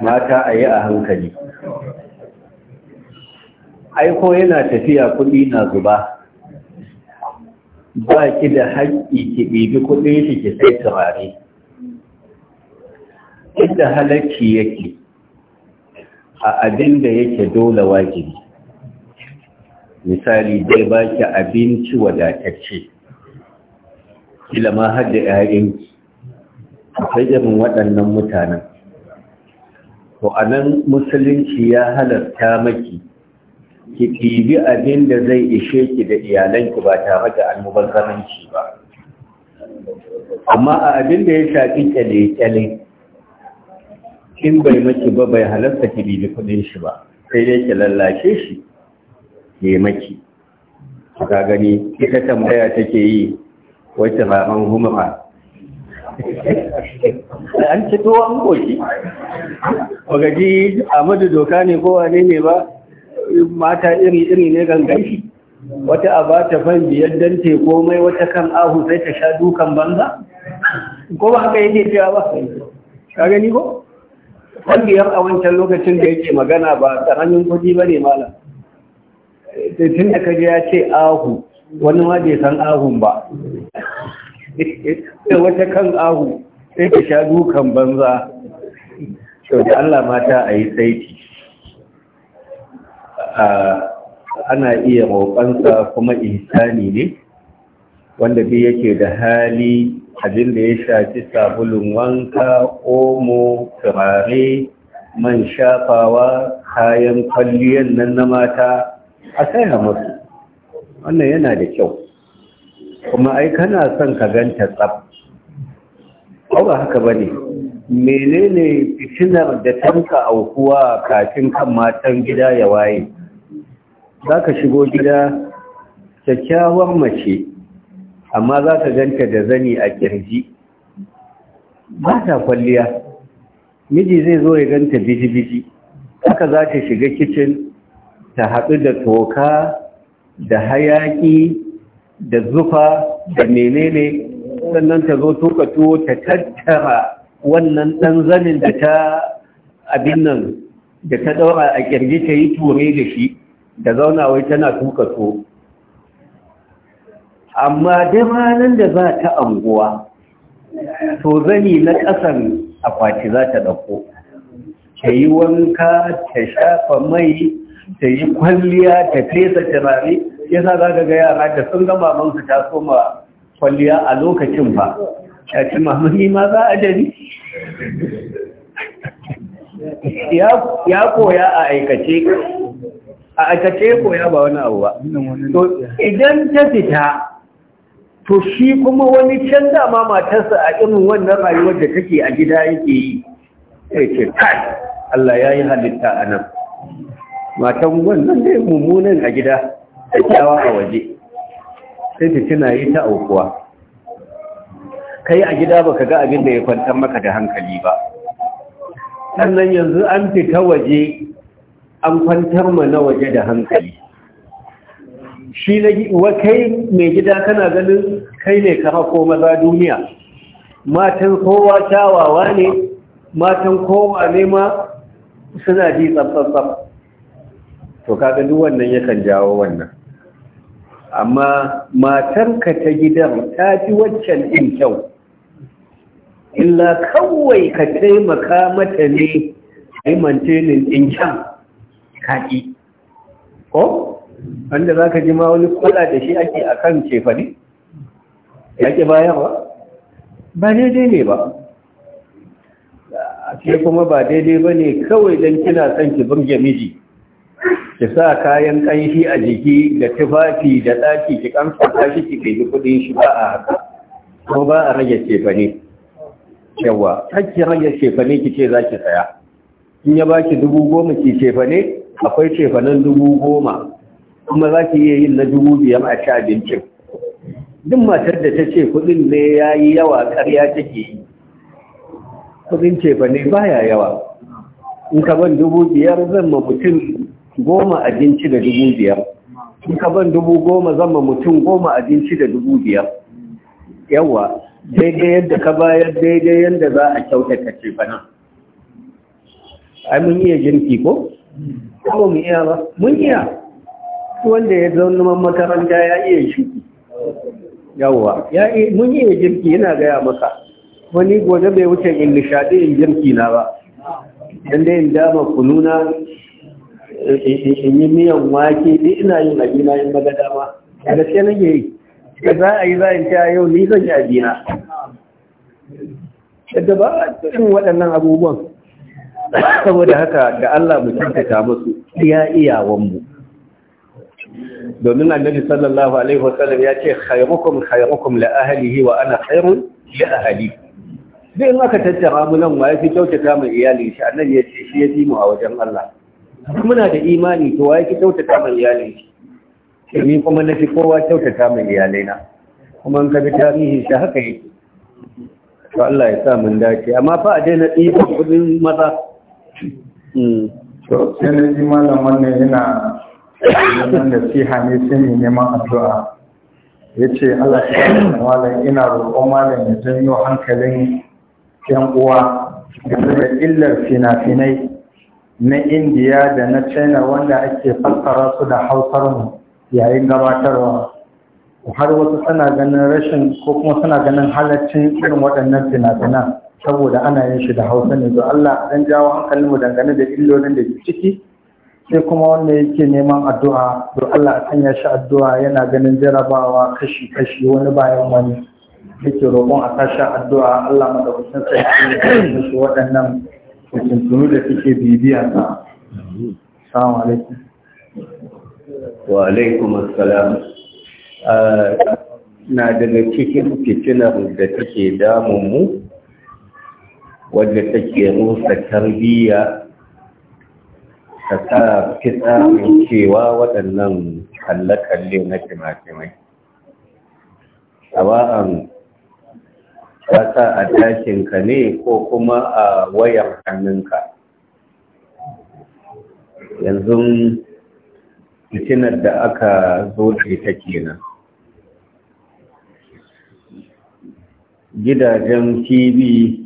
mata a yi a hankali aiko yana tafiya kuɗi na zuba ba ki da haƙƙi ki ɗibi kuɗi shi ki sai turare inda halarci yake a abin da yake dole wajibi misali zai ba ki abinci wadatacce kila ma har da 'ya'yanki akwai irin waɗannan mutanen to a nan musulunci ya halarta maki ki ɗibi abin da zai ishe ki da iyalanki ba tare da almubazzaranci ba amma a abin da ya shafi ƙyale-ƙyale, in bai maki ba bai halarta ki ɗibi kuɗin shi ba sai dai ki lallashe shi ya maki ka gani ita tambaya take yi wacce ramar humra an ci tuwa an koki a amadu doka ne ko wane ne ba mata iri-iri ne gangan shi wata a ba ta fan biyar don te komai wata kan ahu sai ta sha dukan banza ko ba haka yake cewa ba ka gani ko fan biyar a wancan lokacin da yake magana ba tsananin kudi ba ne malam eh, tun da kaji ya ce ahu wani ma bai san ahun ba da wata kan ahu sai ka sha dukan banza to da Allah mata a yi saiti ana iya roƙonsa kuma insani ne wanda bi yake da hali abin da ya shafi sabulun wanka omo turare man shafawa kayan kwalliyan nan na mata a saya masu. wannan yana da kyau kuma ai kana son ka ganta tsab ko ba haka bane menene fitinar da tanka aukuwa kafin kan matan gida ya waye zaka shigo gida kyakkyawar mace amma zaka ganta da zani a kirji ba ta kwalliya miji zai zo ya ganta biji-biji haka za ta shiga kicin ta haɗu da toka da hayaƙi da zufa da menene sannan ta zo tuka tuwo ta tattara wannan ɗan zanin da ta abin nan da ta ɗaura a ƙirji ta yi ture da shi da zaunawai tana tuka tuwo amma dai ranar da za ta anguwa to zani na ƙasan akwati za ta ɗauko ta yi wanka ta shafa mai ta yi kwalliya ta fesa turare yasa za ka ga yara da sun ga mamansu ta soma kwalliya a lokacin ba ya ce mamani ma za a jari ya koya a aikace a aikace koya ba wani abu ba idan ta fita to shi kuma wani can dama matarsa a irin wannan rayuwar da take a gida yake yi ya ce kai Allah ya yi halitta a nan matan wannan dai mummunan a gida kyakkyawa a waje sai tuna yi ta aukuwa kai a gida baka ga abin da ya kwantar maka da hankali ba sannan yanzu an fita waje an kwantar ma na waje da hankali shi na kai mai gida kana ganin kai ne ka hako maza duniya matan kowa kyawawa ne matan kowa ne ma suna ji tsabtsabtsab to kaga duk wannan yakan jawo wannan amma matarka ta gidan ta fi waccan ɗin kyau illa kawai ka taimaka mata ne a yi mantenin ɗin kyan kaɗi ko? wanda za ka ji ma wani kwada da shi ake a kan cefa ne? yaƙi bayan ba daidai ne ba a ce kuma ba daidai ba ne kawai don kina son ki burge miji ki sa kayan ƙanshi a jiki da tufafi da ɗaki ki kamsa tashi ki kai kuɗin shi ba a haka ko ba a rage cefane yawa ki rage cefane ki ce za ki saya in ya baki dubu goma ki cefane akwai cefanen dubu goma kuma za ki iya yin na dubu biyar a sha abincin duk matar da ta ce kuɗin ne ya yi yawa karya take yi kuɗin cefane baya yawa in ka ban dubu biyar zan ma mutum goma abinci da dubu biyar in ka ban dubu goma zama mutum goma abinci da dubu biyar yawa daidai yadda ka bayar daidai yadda za a kyautata ce bana ai mun iya jinki ko? ko mu iya ba mun iya wanda ya zama makaranta ya iya shi yawa ya mun iya jinki yana gaya maka wani gobe bai wuce in nishadi in jinki na ba dan dai in dama kununa in yi miyan wake ne ina yin abina in maga dama a ke nake yi da za a yi za a ta yau ni zan yi abina da ba irin waɗannan abubuwan saboda haka da Allah mu tabbata musu iya mu. domin annabi sallallahu alaihi wasallam ya ce khairukum khairukum la ahlihi wa ana khairun li ahli duk in aka tattara mu nan wa fi kyautata mu iyali shi annabi ya ce shi ya fi mu a wajen Allah muna da imani to waye ki kyautata mai iyalin shi ni kuma na fi kowa kyautata mai iyalai na kuma an ka bi tarihi shi haka yake to Allah ya sa mun dace amma fa a daina ɗiba kudin maza hmm. to sai na ji malam wannan yana wannan da siha ne sai mai neman addu'a ya ce Allah ya sa malam ina roƙon malam ya janyo hankalin yan uwa da illar fina-finai na indiya da na china wanda ake fassara su da hausar mu yayin gabatarwa har wasu suna ganin rashin ko kuma suna ganin halaccin irin waɗannan fina-finan saboda ana yin shi da hausa ne to Allah dan jawo hankalin mu dangane da illolin da ke ciki sai kuma wanda yake neman addu'a to Allah a sanya shi addu'a yana ganin jarabawa kashi kashi wani bayan wani yake roƙon a tashi addu'a Allah madaukakin sai ya shi waɗannan tuntunu da suke bibiya sa salamu alaikum wa alaikum assalam ah, na daga cikin fitinar da take damun mu wadda take rusa tarbiyya ta sa fitsarin cewa waɗannan kalle-kalle na kima-kimai. Sawa'an ka sa a tashinka ne ko kuma a wayar hannunka yanzu fitinar da aka zo ce ta kenan gidajen tv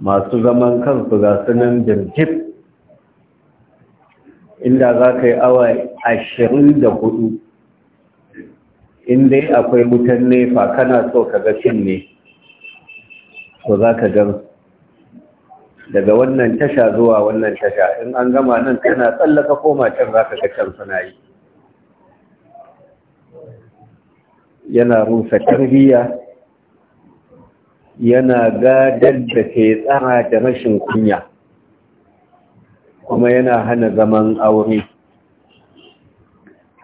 masu zaman kansu ga sunan jirgin. inda za ka yi awa ashirin da hudu in dai akwai wutan nefa kana so ka ga fim ne to za ka gan daga wannan tasha zuwa wannan tasha in an gama nan kana tsallaka koma can za ka ga can suna yi yana rusa tarbiyya yana gadar da ke tsara da rashin kunya kuma yana hana zaman aure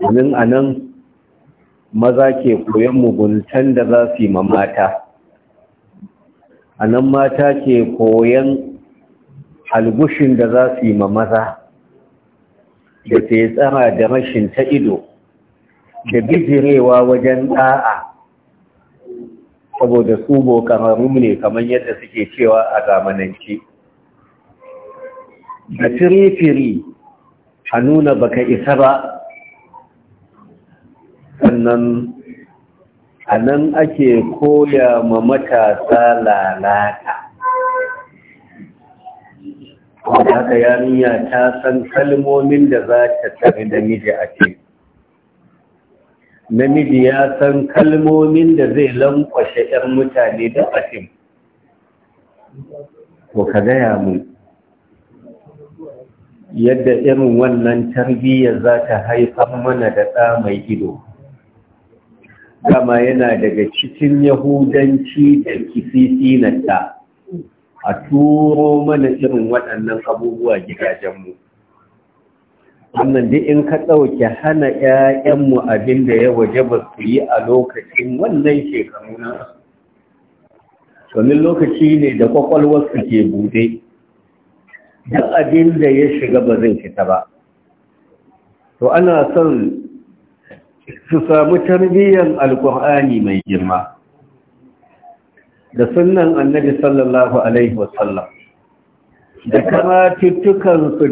domin a nan maza ke koyon muguntan da za su yi ma mata a nan mata ke koyon algushin da za su yi ma maza da ke tsara da rashin ta ido da bijirewa wajen ɗa'a saboda su bokararru ne kamar yadda suke cewa a zamananci da firifiri a nuna baka isa ba sannan a nan ake koya ma matasa lalata haka yarinya ta san kalmomin da za ta tare da a ce namiji ya san kalmomin da zai lankwashe 'yar mutane da asim ko ka gaya mu yadda irin wannan tarbiyyar za ta haifar mana da ɗa mai ido kama yana daga cikin yahudanci da ta a turo mana irin waɗannan abubuwa gidajenmu wannan duk in ka ɗauke hana 'ya'yanmu abin da ya waje ba su yi a lokacin wannan shekaru na domin lokaci ne da kwakwalwarsu ke bude duk abin da ya shiga ba zai fita ba to ana son su samu tarbiyyar alkur'ani mai girma da sunan annabi sallallahu alaihi wasallam da kama da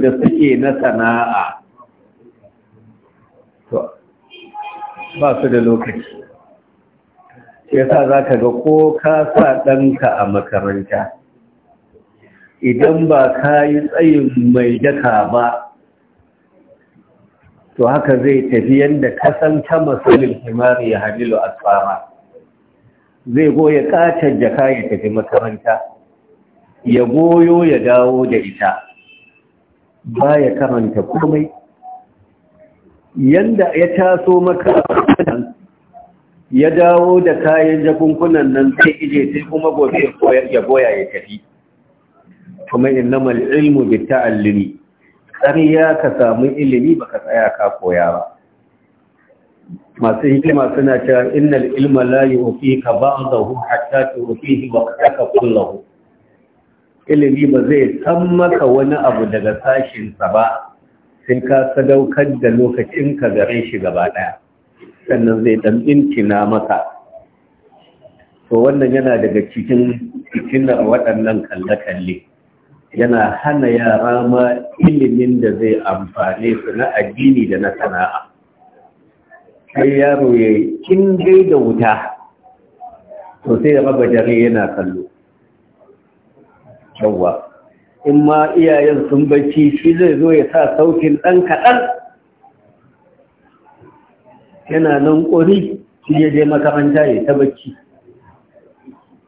suke na sana'a to ba su da lokaci yasa za ka ga ko ka sa ɗanka a makaranta idan ba ka yi tsayin mai daka ba to haka zai tafi yadda ta masalin kimari ya halilu tsara zai goya katon jaka ya tafi makaranta ya goyo ya dawo da ita ba ya karanta komai Yadda ya taso makaranta ya dawo da kayan jakunkunan nan sai ije sai kuma gobe ya goya ya tafi kuma innamal ilmu bi ta'allumi ƙarya ka samu ilimi ba ka tsaya ka koya ba masu hikima suna cewa innal ilma la yu'tika ba'dahu hatta tu'tihi wa qadaka kullahu ilimi ba zai san maka wani abu daga sashinsa ba sai ka sadaukar da lokacin ka gare shi gaba ɗaya, sannan zai dan na maka to wannan yana daga cikin cikin waɗannan kalle-kalle yana hana yara ma ilimin da zai amfane su na addini da na sana'a sai yaro ya yi gai da wuta to sai raba dare yana kallo yawwa in ma iyayen sun bacci shi zai zo ya sa saukin ɗan kaɗan yana nan ƙori shi ya makaranta ya ta bacci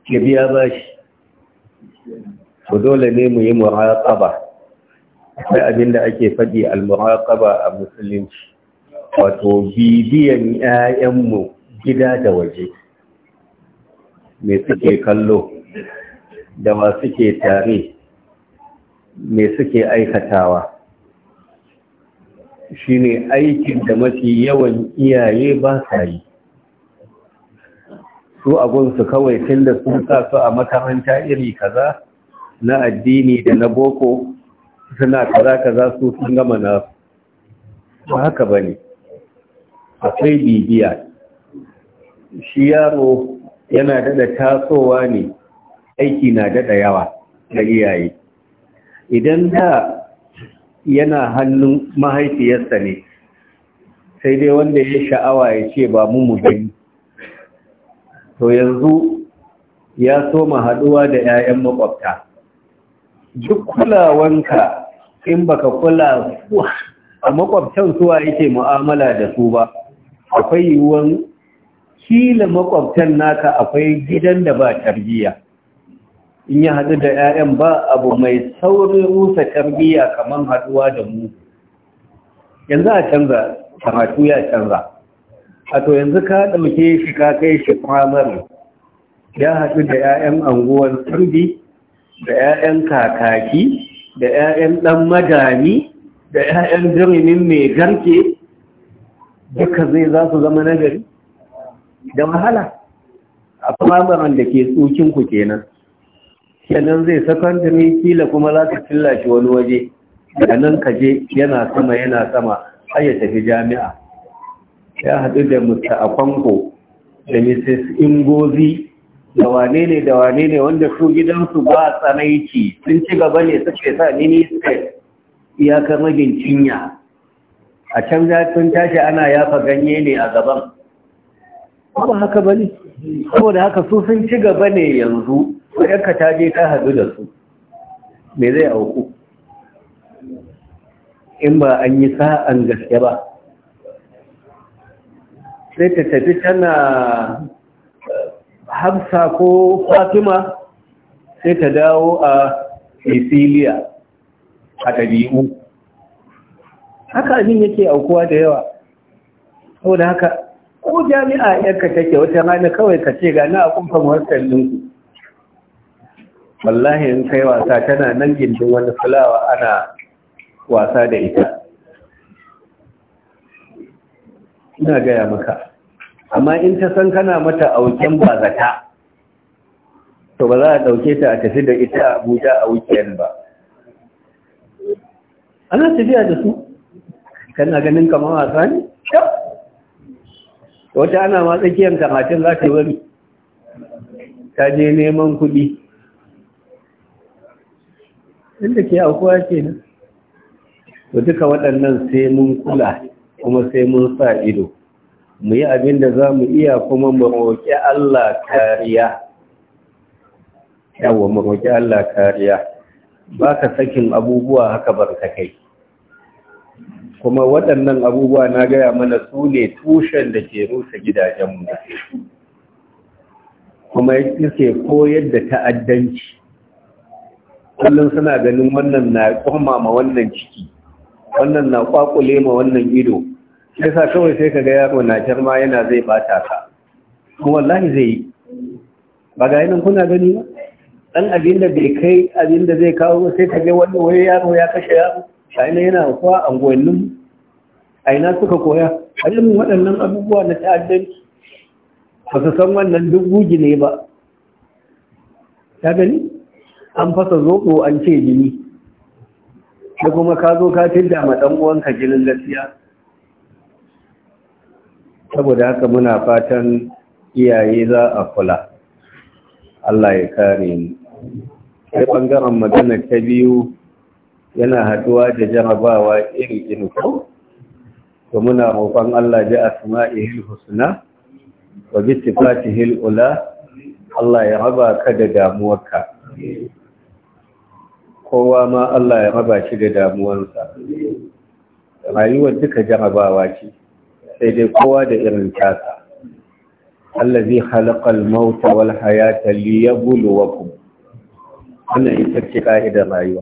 ya biya bashi to dole ne mu yi muraqaba akwai abinda da ake faɗi al-muraqaba a musulunci wato bibiyan 'ya'yanmu gida da waje me suke kallo da ma suke tare me suke aikatawa shine aikin da mafi yawan iyaye ba sa yi su abunsu kawai tun da sun sa su a makaranta iri kaza za na addini da na boko suna kaza kaza su sun gama na ba haka ba ne akwai bibiya shi yaro yana dada tasowa ne aiki na daɗa yawa da iyaye idan da yana hannun mahaifiyarsa ne sai dai wanda ya sha'awa ya ce ba mu gani to yanzu ya soma haɗuwa da 'ya'yan makwabta duk kulawanka in baka kula a makwabtan suwa yake mu'amala da su ba akwai yiwuwan kila makwabtan naka akwai gidan da ba tarbiyya in ya haɗu da 'ya'yan ba abu mai saurin rusa tarbiyya kamar haɗuwa da mu yanzu a canza karatu ya canza a to yanzu ka ɗauke shi ka kai shi firamare ya haɗu da 'ya'yan anguwar turbi da 'ya'yan kakaki da 'ya'yan ɗan magami da 'ya'yan birnin mai garke duka zai za su zama nagari da wahala a kwamaran da ke tsokinku kenan kenan zai sakandare kila kuma za ka cilla shi wani waje da nan ka yana sama yana sama har ya tafi jami'a ya haɗu da Mr. akwanko da mrs ingozi da wane ne da wane ne wanda su gidansu ba tsanaici sun ci gaba ne suke sa nini suke iyakar magin cinya a can sun tashi ana yafa ganye ne a gaban ba haka ba ne saboda haka su sun ci gaba ne yanzu ka ta je ta hadu da su me zai auku in ba an yi sa'an gaske ba sai ta tafi tana hafsa ko fatima sai ta dawo a isiliya a ɗabi'u haka abin yake aukuwa da yawa da haka ko jami'a yanka take wata rana kawai ka ce gani a kumfan muhassar wallahi in kai wasa tana nan gindin wani fulawa ana wasa da ita ina gaya maka amma in ta san kana mata auken ba zata to ba za a ɗauke ta a tafi da ita a abuja a wukiyar ba ana tafiya da su kana ganin kamar wasa ne wata ana ma tsakiyar kamatin za ta wani ta je neman kuɗi inda ke aukuwa ke nan to duka waɗannan sai mun kula kuma sai mun sa ido mu yi abin da za mu iya kuma mu roƙi Allah kariya yawon mu Allah kariya ba ka sakin abubuwa haka kai. kuma waɗannan abubuwa na gaya mana su ne tushen da ke rusa gidajenmu kuma yake koyar da ta'addanci kullum suna ganin wannan na ma wannan ciki wannan na kwakule ma wannan ido sai sa kawai sai ka ga yaro na girma yana zai bata ka kuma wallahi zai yi ba ga yanin kuna gani ba dan abin da bai kai abin da zai kawo sai ka ga wani wai yaro ya kashe yaro a ina yana kuwa anguwannin a ina suka koya a ilimin waɗannan abubuwa na ta'addanci ba su san wannan duk guji ne ba ta gani an fasa zoɓo an ce jini da kuma ka zo ka tilda ma ɗan uwanka jinin gaskiya saboda haka muna fatan iyaye za a kula Allah ya kare ni. sai ɓangaren magana ta biyu yana haduwa da jarabawa iri iri to muna roƙon Allah ji asma'ihil husna wa bi sifatihil ula Allah ya raba ka da damuwarka kowa ma Allah ya raba shi da damuwarsa rayuwar duka jarabawa ce sai dai kowa da irin tasa allazi khalaqal mauta wal hayata liyabluwakum wannan ita ce ka'idar rayuwa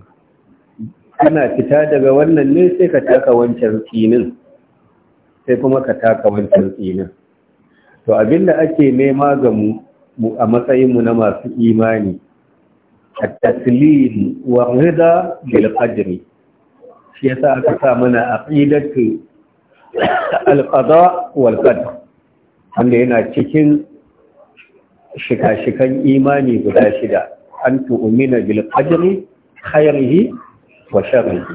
kana fita daga wannan ne sai ka taka wancan tsinin sai kuma ka taka wancan tsinin to abinda ake nema ga mu a matsayinmu na masu imani a taslim wa rida bil qadri shi yasa aka sa mana aqidatu alƙada walƙad wanda yana cikin shika-shikan imani guda shida an tu'umina bil qadri khairihi wa sharrihi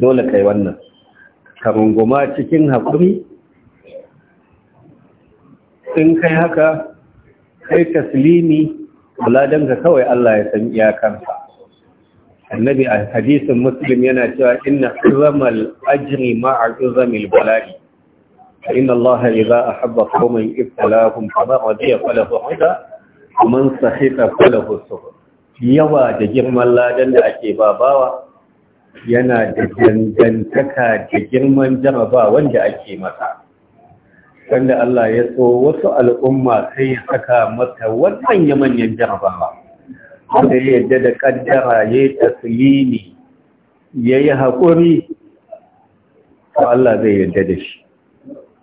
dole kai wannan ka runguma cikin hakuri in kai haka kai taslimi kula danka kawai Allah ya san iyakansa annabi a hadisin muslim yana cewa inna izamal ajri ma'a izamil bala'i فإن الله إذا أحب قوم ابتلاهم فما رضي فله حدا ومن سخط فله السخط yawa da girman ladan da ake babawa yana da dangantaka da girman jaraba wanda ake mata wanda Allah ya so wasu al'umma sai ya saka mata wannan manyan jarabawa wanda ya yadda da kaddara ya yi tasirini ya yi haƙuri to Allah zai yadda da shi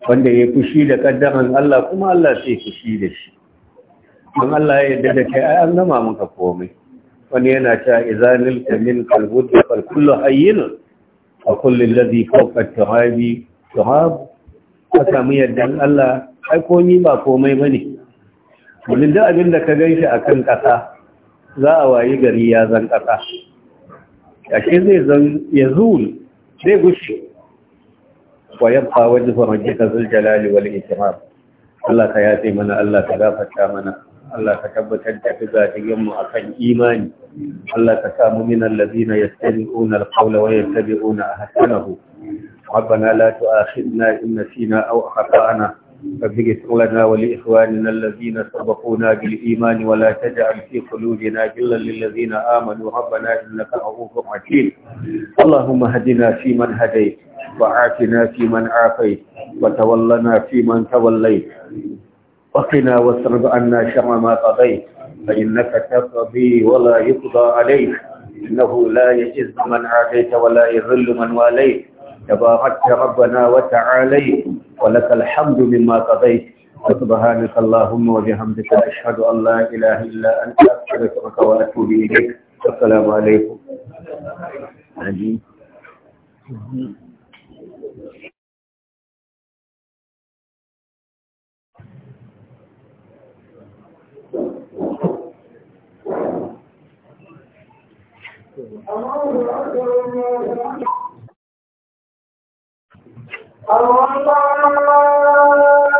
wanda ya kushi da kaddaran Allah kuma Allah sai kushi da shi don Allah ya yadda da kai ai an gama muka komai wani yana cewa izanil kamin kalbud fal kullu a kullum alladhi fawqa turabi turab ka samu yadda Allah ai ko ni ba komai bane da abin da ka shi a kan ƙasa? za a wayi gari ya zan ƙasa yake zai zan ya zuul zai gushe wa yabba wajhu rabbika zul jalali wal ikram Allah ka yafe mana Allah ka gafata mana Allah ka tabbatar da fizatiyan mu akan imani Allah ka samu min ya yastabi'una al-qawla wa latu a ربنا لا تؤاخذنا إن نسينا أو أخطأنا رب اغفر لنا ولإخواننا الذين سبقونا بالإيمان ولا تجعل في قلوبنا غلا للذين آمنوا ربنا إنك رؤوف حكيم اللهم هدنا فيمن هديت وعافنا فيمن عافيت وتولنا فيمن توليت وقنا واصرف عنا شر ما قضيت فإنك تقضي ولا يقضى عليك إنه لا يجز من عاديت ولا يذل من واليت تباركت ربنا وتعاليت ولك الحمد مما قضيت سبحانك اللهم وبحمدك أشهد أن لا إله إلا أنت أستغفرك وأتوب إليك السلام عليكم عجيب Thank you. الله